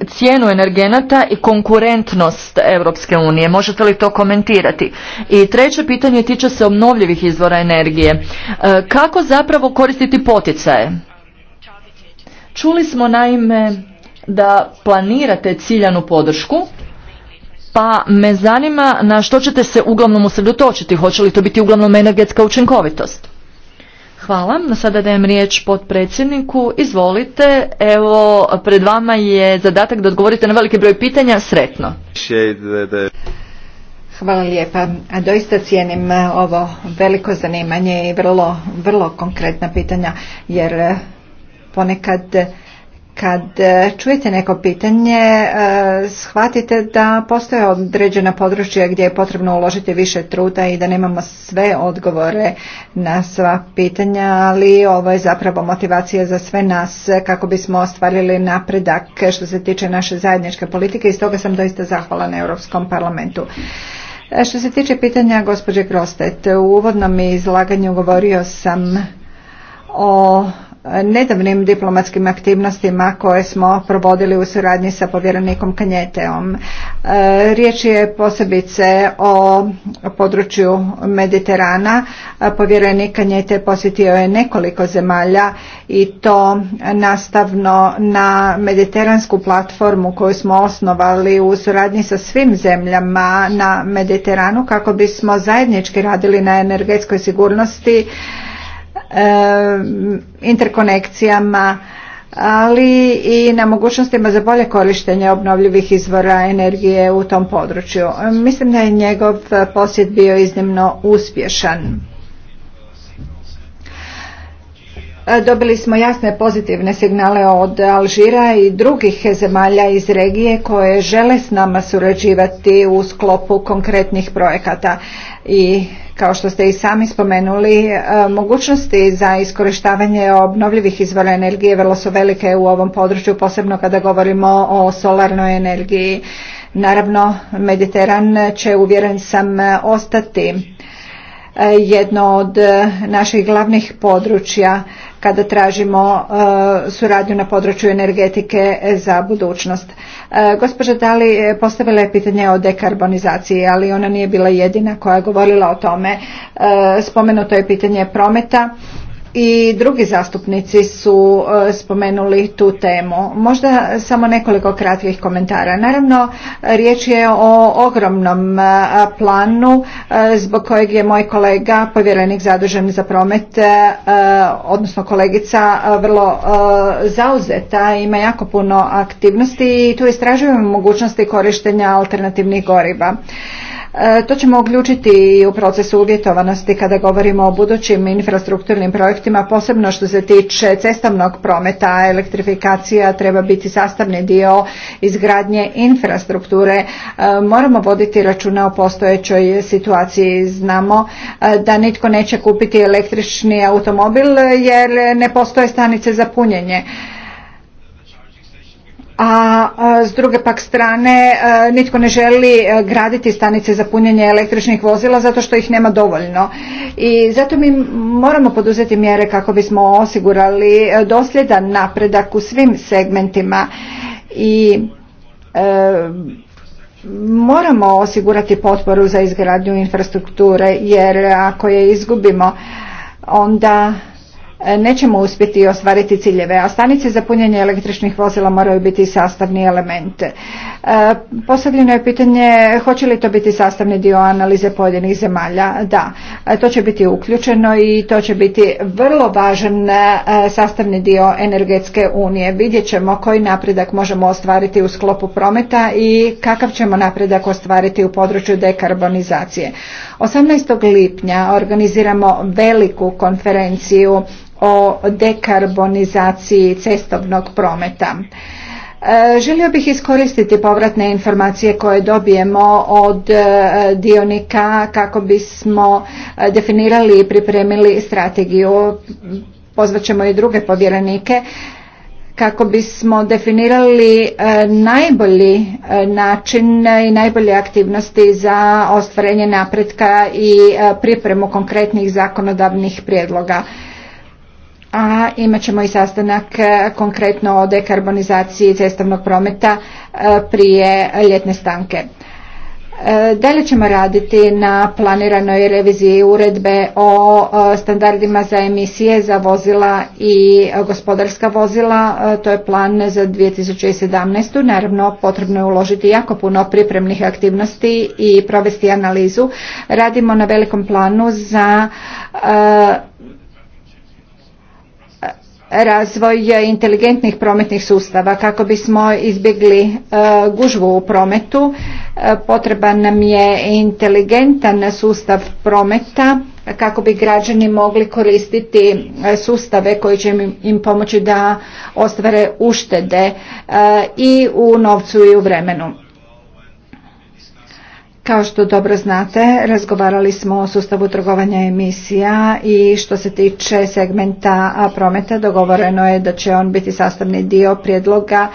cijenu energenata i konkurentnost Europske unije. Možete li to komentirati? I treće pitanje tiče se obnovljivih izvora energije. kako zapravo koristiti poticaje? Čuli smo naime da planirate ciljanu podršku, pa me zanima na što ćete se uglavnom usredotočiti. Hoće li to biti uglavnom energetska učinkovitost? Hvala. Sada dajem riječ potpredsjedniku. Izvolite, evo pred vama je zadatak da odgovorite na veliki broj pitanja. Sretno. Hvala lijepa. Doista cijenim e, ovo veliko zanimanje i vrlo, vrlo konkretna pitanja jer e, ponekad kad e, čujete neko pitanje, e, shvatite da postoje određena područja gdje je potrebno uložiti više truda i da nemamo sve odgovore na sva pitanja, ali ovo je zapravo motivacija za sve nas kako bismo ostvarili napredak što se tiče naše zajedničke politike i stoga sam doista zahvala na Europskom parlamentu. E, što se tiče pitanja gospođe Grostet, u uvodnom izlaganju govorio sam o nedavnim diplomatskim aktivnostima koje smo provodili u suradnji sa povjerenikom Kanjeteom. E, riječ je posebice o području Mediterana. E, povjerenik Kanjete posjetio je nekoliko zemalja i to nastavno na mediteransku platformu koju smo osnovali u suradnji sa svim zemljama na Mediteranu kako bismo zajednički radili na energetskoj sigurnosti interkonekcijama, ali i na mogućnostima za bolje korištenje obnovljivih izvora energije u tom području. Mislim da je njegov posjet bio iznimno uspješan. E, dobili smo jasne pozitivne signale od Alžira i drugih zemalja iz regije koje žele s nama surađivati u sklopu konkretnih projekata i kao što ste i sami spomenuli, e, mogućnosti za iskorištavanje obnovljivih izvora energije vrlo su velike u ovom području, posebno kada govorimo o solarnoj energiji. Naravno, Mediteran će, uvjeren sam, ostati E, jedno od e, naših glavnih područja kada tražimo e, suradnju na području energetike za budućnost. Gospođa Dali postavila je pitanje o dekarbonizaciji, ali ona nije bila jedina koja je govorila o tome. Spomenuto je pitanje prometa i drugi zastupnici su e, spomenuli tu temu. Možda samo nekoliko kratkih komentara. Naravno, riječ je o ogromnom e, planu e, zbog kojeg je moj kolega, povjerenik zadužen za promet, odnosno kolegica, vrlo zauzeta, ima jako puno aktivnosti i tu istražujemo mogućnosti korištenja alternativnih goriva. E, to ćemo uključiti i u proces uvjetovanosti kada govorimo o budućim infrastrukturnim projektima, posebno što se tiče cestovnog prometa, elektrifikacija treba biti sastavni dio izgradnje infrastrukture. E, moramo voditi računa o postojećoj situaciji. Znamo e, da nitko neće kupiti električni automobil jer ne postoje stanice za punjenje a s druge pak strane e, nitko ne želi e, graditi stanice za punjenje električnih vozila zato što ih nema dovoljno. I zato mi moramo poduzeti mjere kako bismo osigurali e, dosljedan napredak u svim segmentima i moramo osigurati potporu za izgradnju infrastrukture jer ako je izgubimo onda E, nećemo uspjeti ostvariti ciljeve, a stanice za punjenje električnih vozila moraju biti sastavni element. E, postavljeno je pitanje hoće li to biti sastavni dio analize pojedinih zemalja. Da, e, to će biti uključeno i to će biti vrlo važan e, sastavni dio energetske unije. Vidjet ćemo koji napredak možemo ostvariti u sklopu prometa i kakav ćemo napredak ostvariti u području dekarbonizacije. 18. lipnja organiziramo veliku konferenciju o dekarbonizaciji cestovnog prometa. E, želio bih iskoristiti povratne informacije koje dobijemo od e, dionika kako bismo e, definirali i pripremili strategiju. ćemo i druge povjerenike kako bismo definirali najbolji način i najbolje aktivnosti za ostvarenje napretka i pripremu konkretnih zakonodavnih prijedloga a imat ćemo i sastanak e, konkretno o dekarbonizaciji cestovnog prometa e, prije ljetne stanke. E, dalje ćemo raditi na planiranoj reviziji uredbe o standardima za emisije za vozila i gospodarska vozila. To je plan za 2017. Naravno potrebno je uložiti jako puno pripremnih aktivnosti i provesti analizu. Radimo na velikom planu za razvoj inteligentnih prometnih sustava kako bismo izbjegli e, gužvu u prometu. E, potreban nam je inteligentan sustav prometa kako bi građani mogli koristiti e, sustave koji će im pomoći da ostvare uštede i u novcu i u vremenu. Kao što dobro znate, razgovarali smo o sustavu trgovanja emisija i što se tiče segmenta prometa, dogovoreno je da će on biti sastavni dio prijedloga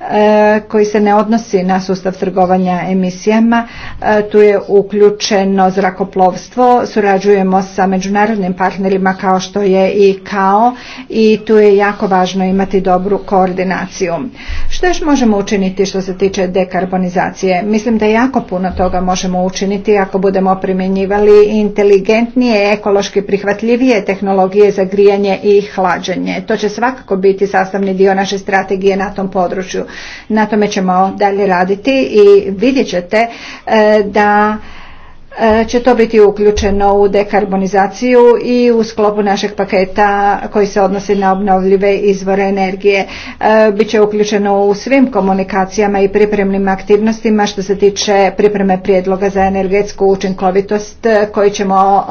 E, koji se ne odnosi na sustav trgovanja emisijama. E, tu je uključeno zrakoplovstvo, surađujemo sa međunarodnim partnerima kao što je i kao i tu je jako važno imati dobru koordinaciju. Što još možemo učiniti što se tiče dekarbonizacije? Mislim da jako puno toga možemo učiniti ako budemo primjenjivali inteligentnije, ekološki prihvatljivije tehnologije za grijanje i hlađenje. To će svakako biti sastavni dio naše strategije na tom području. Na tome ćemo dalje raditi i vidjet ćete e, da e, će to biti uključeno u dekarbonizaciju i u sklopu našeg paketa koji se odnosi na obnovljive izvore energije. E, Biće uključeno u svim komunikacijama i pripremnim aktivnostima što se tiče pripreme prijedloga za energetsku učinkovitost koji ćemo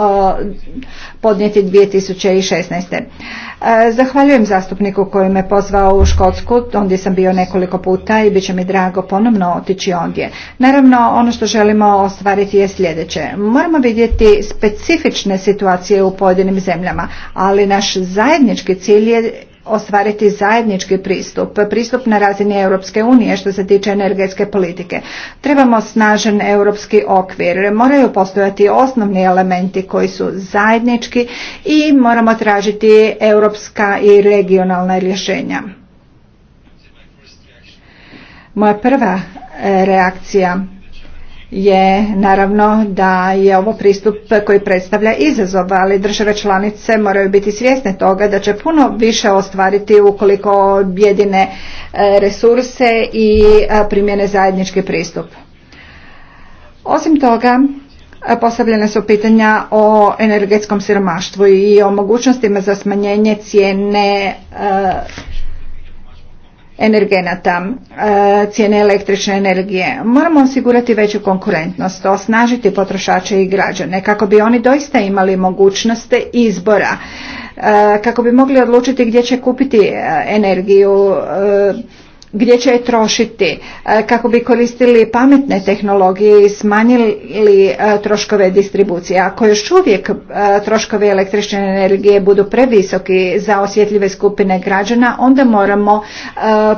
podnijeti 2016. E, zahvaljujem zastupniku koji me pozvao u Škotsku, ondje sam bio nekoliko puta i bit će mi drago ponovno otići ondje. Naravno, ono što želimo ostvariti je sljedeće. Moramo vidjeti specifične situacije u pojedinim zemljama, ali naš zajednički cilj je ostvariti zajednički pristup, pristup na razini Europske unije što se tiče energetske politike. Trebamo snažan europski okvir, moraju postojati osnovni elementi koji su zajednički i moramo tražiti europska i regionalna rješenja. Moja prva e, reakcija je naravno da je ovo pristup koji predstavlja izazov, ali države članice moraju biti svjesne toga da će puno više ostvariti ukoliko objedine e, resurse i e, primjene zajednički pristup. Osim toga, e, postavljena su pitanja o energetskom siromaštvu i o mogućnostima za smanjenje cijene energenata, e, cijene električne energije. Moramo osigurati veću konkurentnost, osnažiti potrošače i građane kako bi oni doista imali mogućnost izbora, e, kako bi mogli odlučiti gdje će kupiti e, energiju, gdje će je trošiti e, kako bi koristili pametne tehnologije i smanjili e, troškove distribucije. Ako još uvijek e, troškovi električne energije budu previsoki za osjetljive skupine građana, onda moramo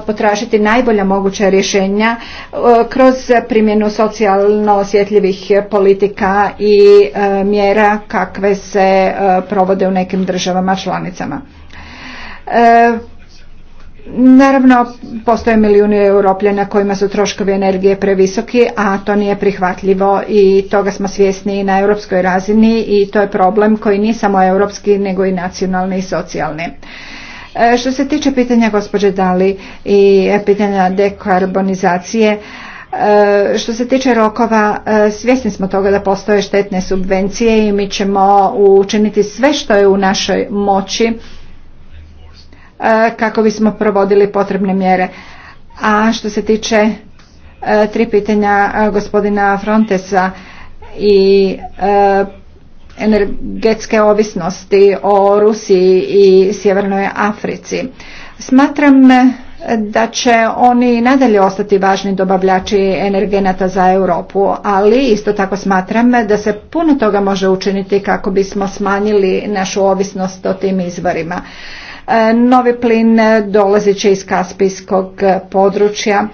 potražiti najbolja moguća rješenja kroz primjenu socijalno osjetljivih politika i mjera kakve se provode u nekim državama članicama Naravno, postoje milijuni europljena kojima su troškovi energije previsoki, a to nije prihvatljivo i toga smo svjesni i na europskoj razini i to je problem koji nije samo europski nego i nacionalni i socijalni. E, što se tiče pitanja gospođe Dali i pitanja dekarbonizacije, e, što se tiče rokova, e, svjesni smo toga da postoje štetne subvencije i mi ćemo učiniti sve što je u našoj moći E, kako bismo provodili potrebne mjere. A što se tiče e, tri pitanja e, gospodina Frontesa i energetske ovisnosti o Rusiji i Sjevernoj Africi. Smatram da će oni nadalje ostati važni dobavljači energenata za Europu, ali isto tako smatram da se puno toga može učiniti kako bismo smanjili našu ovisnost o tim izvorima. E, novi plin e, dolazit će iz Kaspijskog e, područja.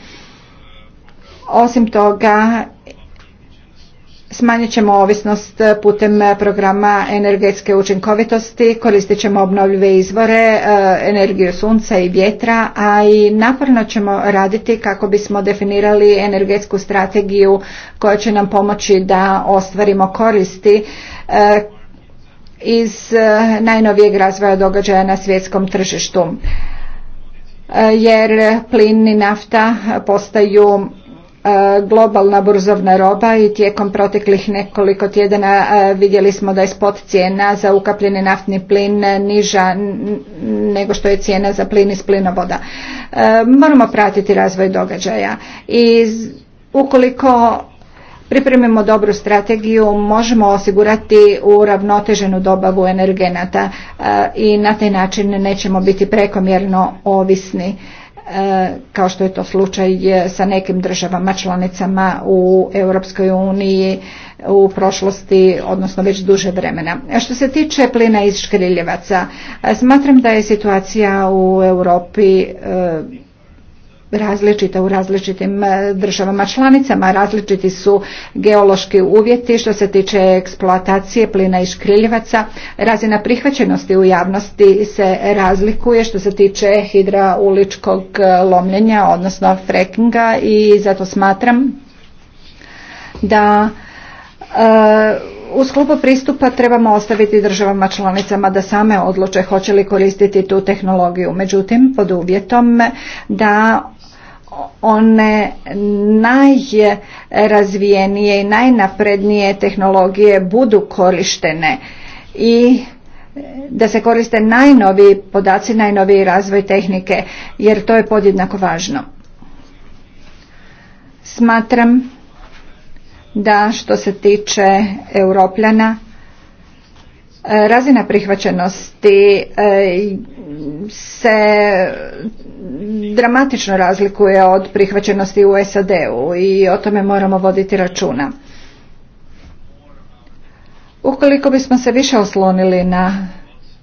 Osim toga, smanjit ćemo ovisnost putem programa energetske učinkovitosti, koristit ćemo obnovljive izvore, energiju sunca i vjetra, a i naporno ćemo raditi kako bismo definirali energetsku strategiju koja će nam pomoći da ostvarimo koristi iz e, najnovijeg razvoja događaja na svjetskom tržištu e, jer plin i nafta postaju e, globalna burzovna roba i tijekom proteklih nekoliko tjedana vidjeli smo da je spot cijena za ukapljeni naftni plin niža nego što je cijena za plin iz plinovoda. Moramo pratiti razvoj događaja i ukoliko pripremimo dobru strategiju, možemo osigurati uravnoteženu dobavu energenata e, i na taj način nećemo biti prekomjerno ovisni e, kao što je to slučaj sa nekim državama članicama u Europskoj uniji u prošlosti, odnosno već duže vremena. Što se tiče plina iz škriljevaca, e, smatram da je situacija u Europi različita u različitim e, državama članicama, različiti su geološki uvjeti što se tiče eksploatacije plina i škriljevaca, razina prihvaćenosti u javnosti se razlikuje što se tiče hidrauličkog e, lomljenja, odnosno frekinga i zato smatram da e, u sklopu pristupa trebamo ostaviti državama članicama da same odluče hoće li koristiti tu tehnologiju. Međutim, pod uvjetom da one najrazvijenije i najnaprednije tehnologije budu korištene i da se koriste najnoviji podaci, najnoviji razvoj tehnike, jer to je podjednako važno. Smatram da što se tiče europljana, E, Razina prihvaćenosti e, se dramatično razlikuje od prihvaćenosti u SAD-u i o tome moramo voditi računa. Ukoliko bismo se više oslonili na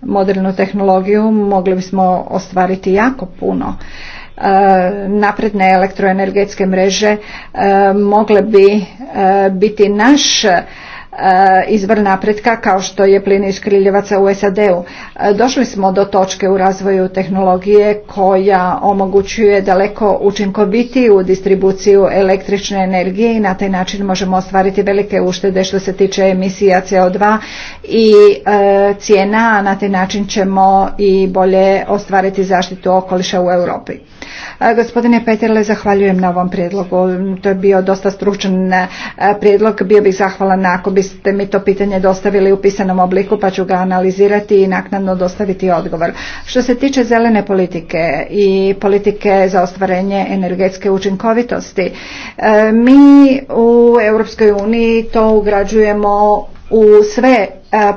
modernu tehnologiju, mogli bismo ostvariti jako puno. E, napredne elektroenergetske mreže mogle bi biti naš E, izvor napretka kao što je plin iz kriljevaca u SAD-u. E, došli smo do točke u razvoju tehnologije koja omogućuje daleko učinkovitiju distribuciju električne energije i na taj način možemo ostvariti velike uštede što se tiče emisija CO2 i e, cijena, a na taj način ćemo i bolje ostvariti zaštitu okoliša u Europi. Gospodine Peterle, zahvaljujem na ovom prijedlogu. To je bio dosta stručan prijedlog. Bio bih zahvalan ako bi ste mi to pitanje dostavili u pisanom obliku pa ću ga analizirati i naknadno dostaviti odgovor. Što se tiče zelene politike i politike za ostvarenje energetske učinkovitosti, e, mi u Europskoj uniji to ugrađujemo u sve e,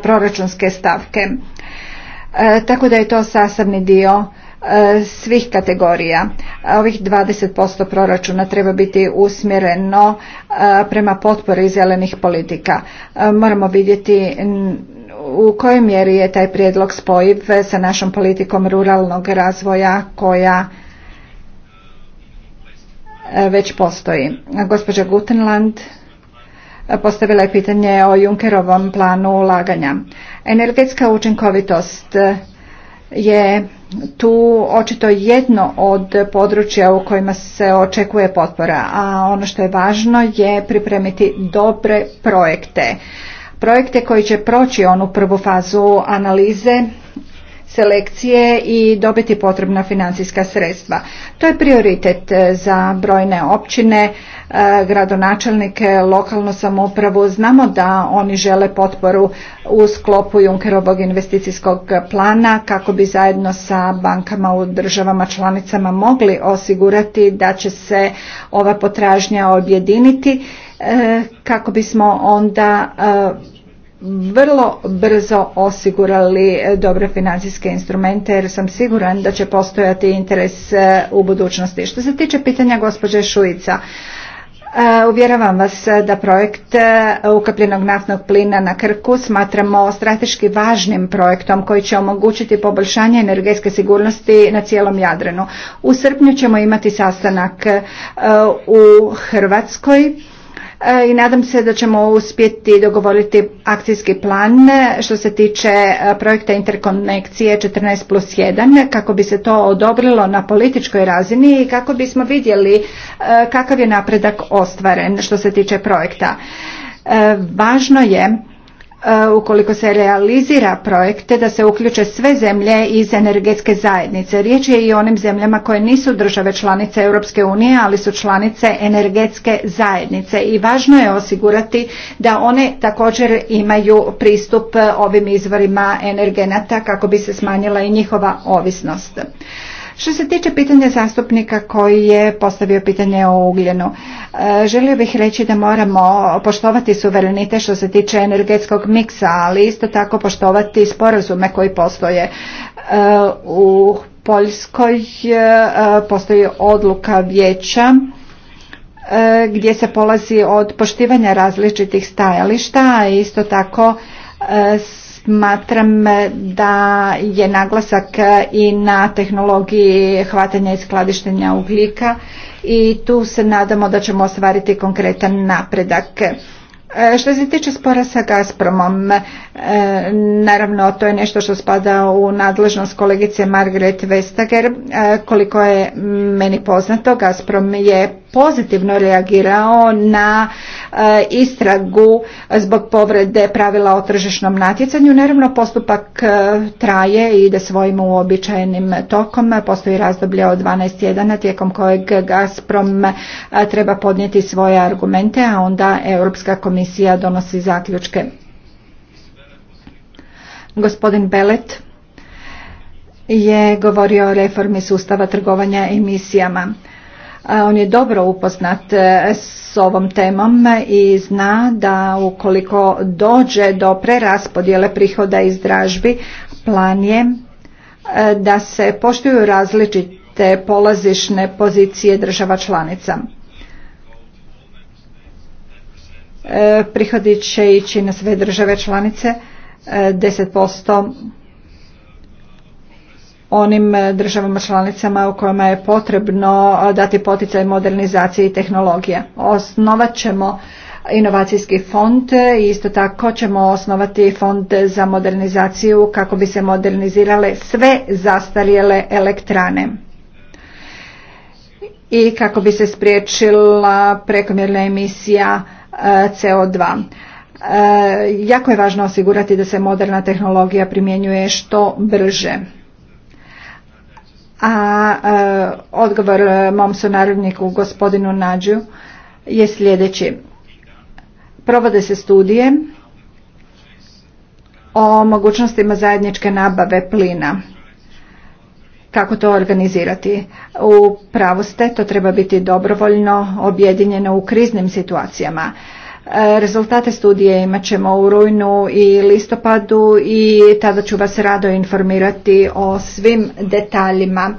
proračunske stavke. E, tako da je to sasavni dio E, svih kategorija. Ovih 20% proračuna treba biti usmjereno e, prema potpori zelenih politika. E, moramo vidjeti u kojoj mjeri je taj prijedlog spojiv sa našom politikom ruralnog razvoja koja već postoji. Gospođa Gutenland postavila je pitanje o Junkerovom planu ulaganja. Energetska učinkovitost je tu očito jedno od područja u kojima se očekuje potpora, a ono što je važno je pripremiti dobre projekte. Projekte koji će proći onu prvu fazu analize selekcije i dobiti potrebna financijska sredstva. To je prioritet e, za brojne općine, e, gradonačelnike, lokalnu samoupravu. Znamo da oni žele potporu u sklopu Junkerovog investicijskog plana kako bi zajedno sa bankama u državama članicama mogli osigurati da će se ova potražnja objediniti e, kako bismo onda vrlo brzo osigurali e, dobre financijske instrumente jer sam siguran da će postojati interes e, u budućnosti. Što se tiče pitanja gospođe Šuica, e, Uvjeravam vas da projekt ukapljenog naftnog plina na Krku smatramo strateški važnim projektom koji će omogućiti poboljšanje energetske sigurnosti na cijelom Jadranu. U srpnju ćemo imati sastanak u Hrvatskoj E, i nadam se da ćemo uspjeti dogovoriti akcijski plan e, što se tiče e, projekta interkonekcije 14 plus 1 kako bi se to odobrilo na političkoj razini i kako bismo vidjeli kakav je napredak ostvaren što se tiče projekta. Važno je E, ukoliko se realizira projekte da se uključe sve zemlje iz energetske zajednice. Riječ je i o onim zemljama koje nisu države članice Europske unije, ali su članice energetske zajednice i važno je osigurati da one također imaju pristup e, ovim izvorima energenata kako bi se smanjila i njihova ovisnost. Što se tiče pitanja zastupnika koji je postavio pitanje o ugljenu, e, želio bih reći da moramo poštovati suverenite što se tiče energetskog miksa, ali isto tako poštovati sporazume koji postoje e, u Poljskoj e, postoji odluka vijeća gdje se polazi od poštivanja različitih stajališta, a isto tako Smatram eh, da je naglasak eh, i na tehnologiji hvatanja i skladištenja ugljika i tu se nadamo da ćemo ostvariti konkretan napredak. Eh, što se tiče spora sa Gazpromom, naravno to je nešto što spada u nadležnost kolegice Margaret Vestager. Koliko je meni poznato, Gazprom je pozitivno reagirao na e, istragu zbog povrede pravila o tržišnom natjecanju. Naravno postupak e, traje i ide svojim uobičajenim tokom. Postoji razdoblje od 12 jedana tijekom kojeg Gazprom e, treba podnijeti svoje argumente, a onda Europska komisija donosi zaključke. Gospodin Belet je govorio o reformi sustava trgovanja emisijama. On je dobro upoznat e, s ovom temom i zna da ukoliko dođe do preraspodjele prihoda iz dražbi, plan je e, da se poštuju različite polazišne pozicije država članica. E, prihodi će ići na sve države članice 10% onim e, državama članicama u kojima je potrebno e, dati poticaj modernizaciji tehnologije. Osnovat ćemo inovacijski fond i isto tako ćemo osnovati fond za modernizaciju kako bi se modernizirale sve zastarjele elektrane i kako bi se spriječila prekomjerna emisija e, CO2. Jako je važno osigurati da se moderna tehnologija primjenjuje što brže a e, odgovor e, mom sunarodniku gospodinu Nađu je sljedeći. Provode se studije o mogućnostima zajedničke nabave plina. Kako to organizirati? U pravoste to treba biti dobrovoljno objedinjeno u kriznim situacijama. E, rezultate studije imat ćemo u rujnu i listopadu i tada ću vas rado informirati o svim detaljima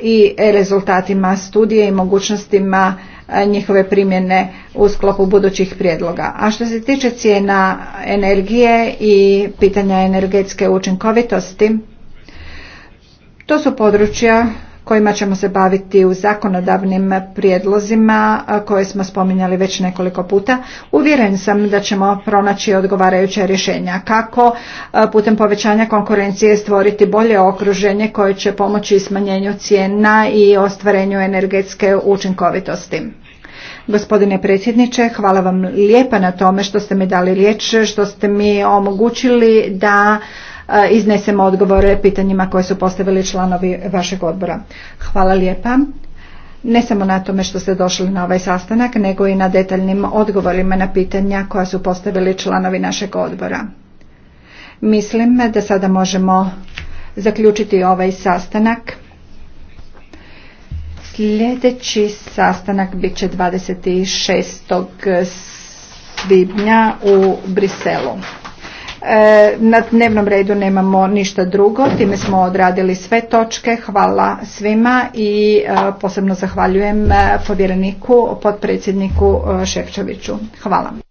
i rezultatima studije i mogućnostima e, njihove primjene u sklopu budućih prijedloga. A što se tiče cijena energije i pitanja energetske učinkovitosti, to su područja kojima ćemo se baviti u zakonodavnim prijedlozima koje smo spominjali već nekoliko puta. Uvjeren sam da ćemo pronaći odgovarajuća rješenja kako putem povećanja konkurencije stvoriti bolje okruženje koje će pomoći smanjenju cijena i ostvarenju energetske učinkovitosti. Gospodine predsjedniče, hvala vam lijepa na tome što ste mi dali riječ, što ste mi omogućili da E, iznesemo odgovore pitanjima koje su postavili članovi vašeg odbora. Hvala lijepa ne samo na tome što ste došli na ovaj sastanak, nego i na detaljnim odgovorima na pitanja koja su postavili članovi našeg odbora. Mislim da sada možemo zaključiti ovaj sastanak. Sljedeći sastanak bit će 26. svibnja u Briselu. E, na dnevnom redu nemamo ništa drugo, time smo odradili sve točke. Hvala svima i e, posebno zahvaljujem e, povjereniku, potpredsjedniku Ševčeviću. Hvala.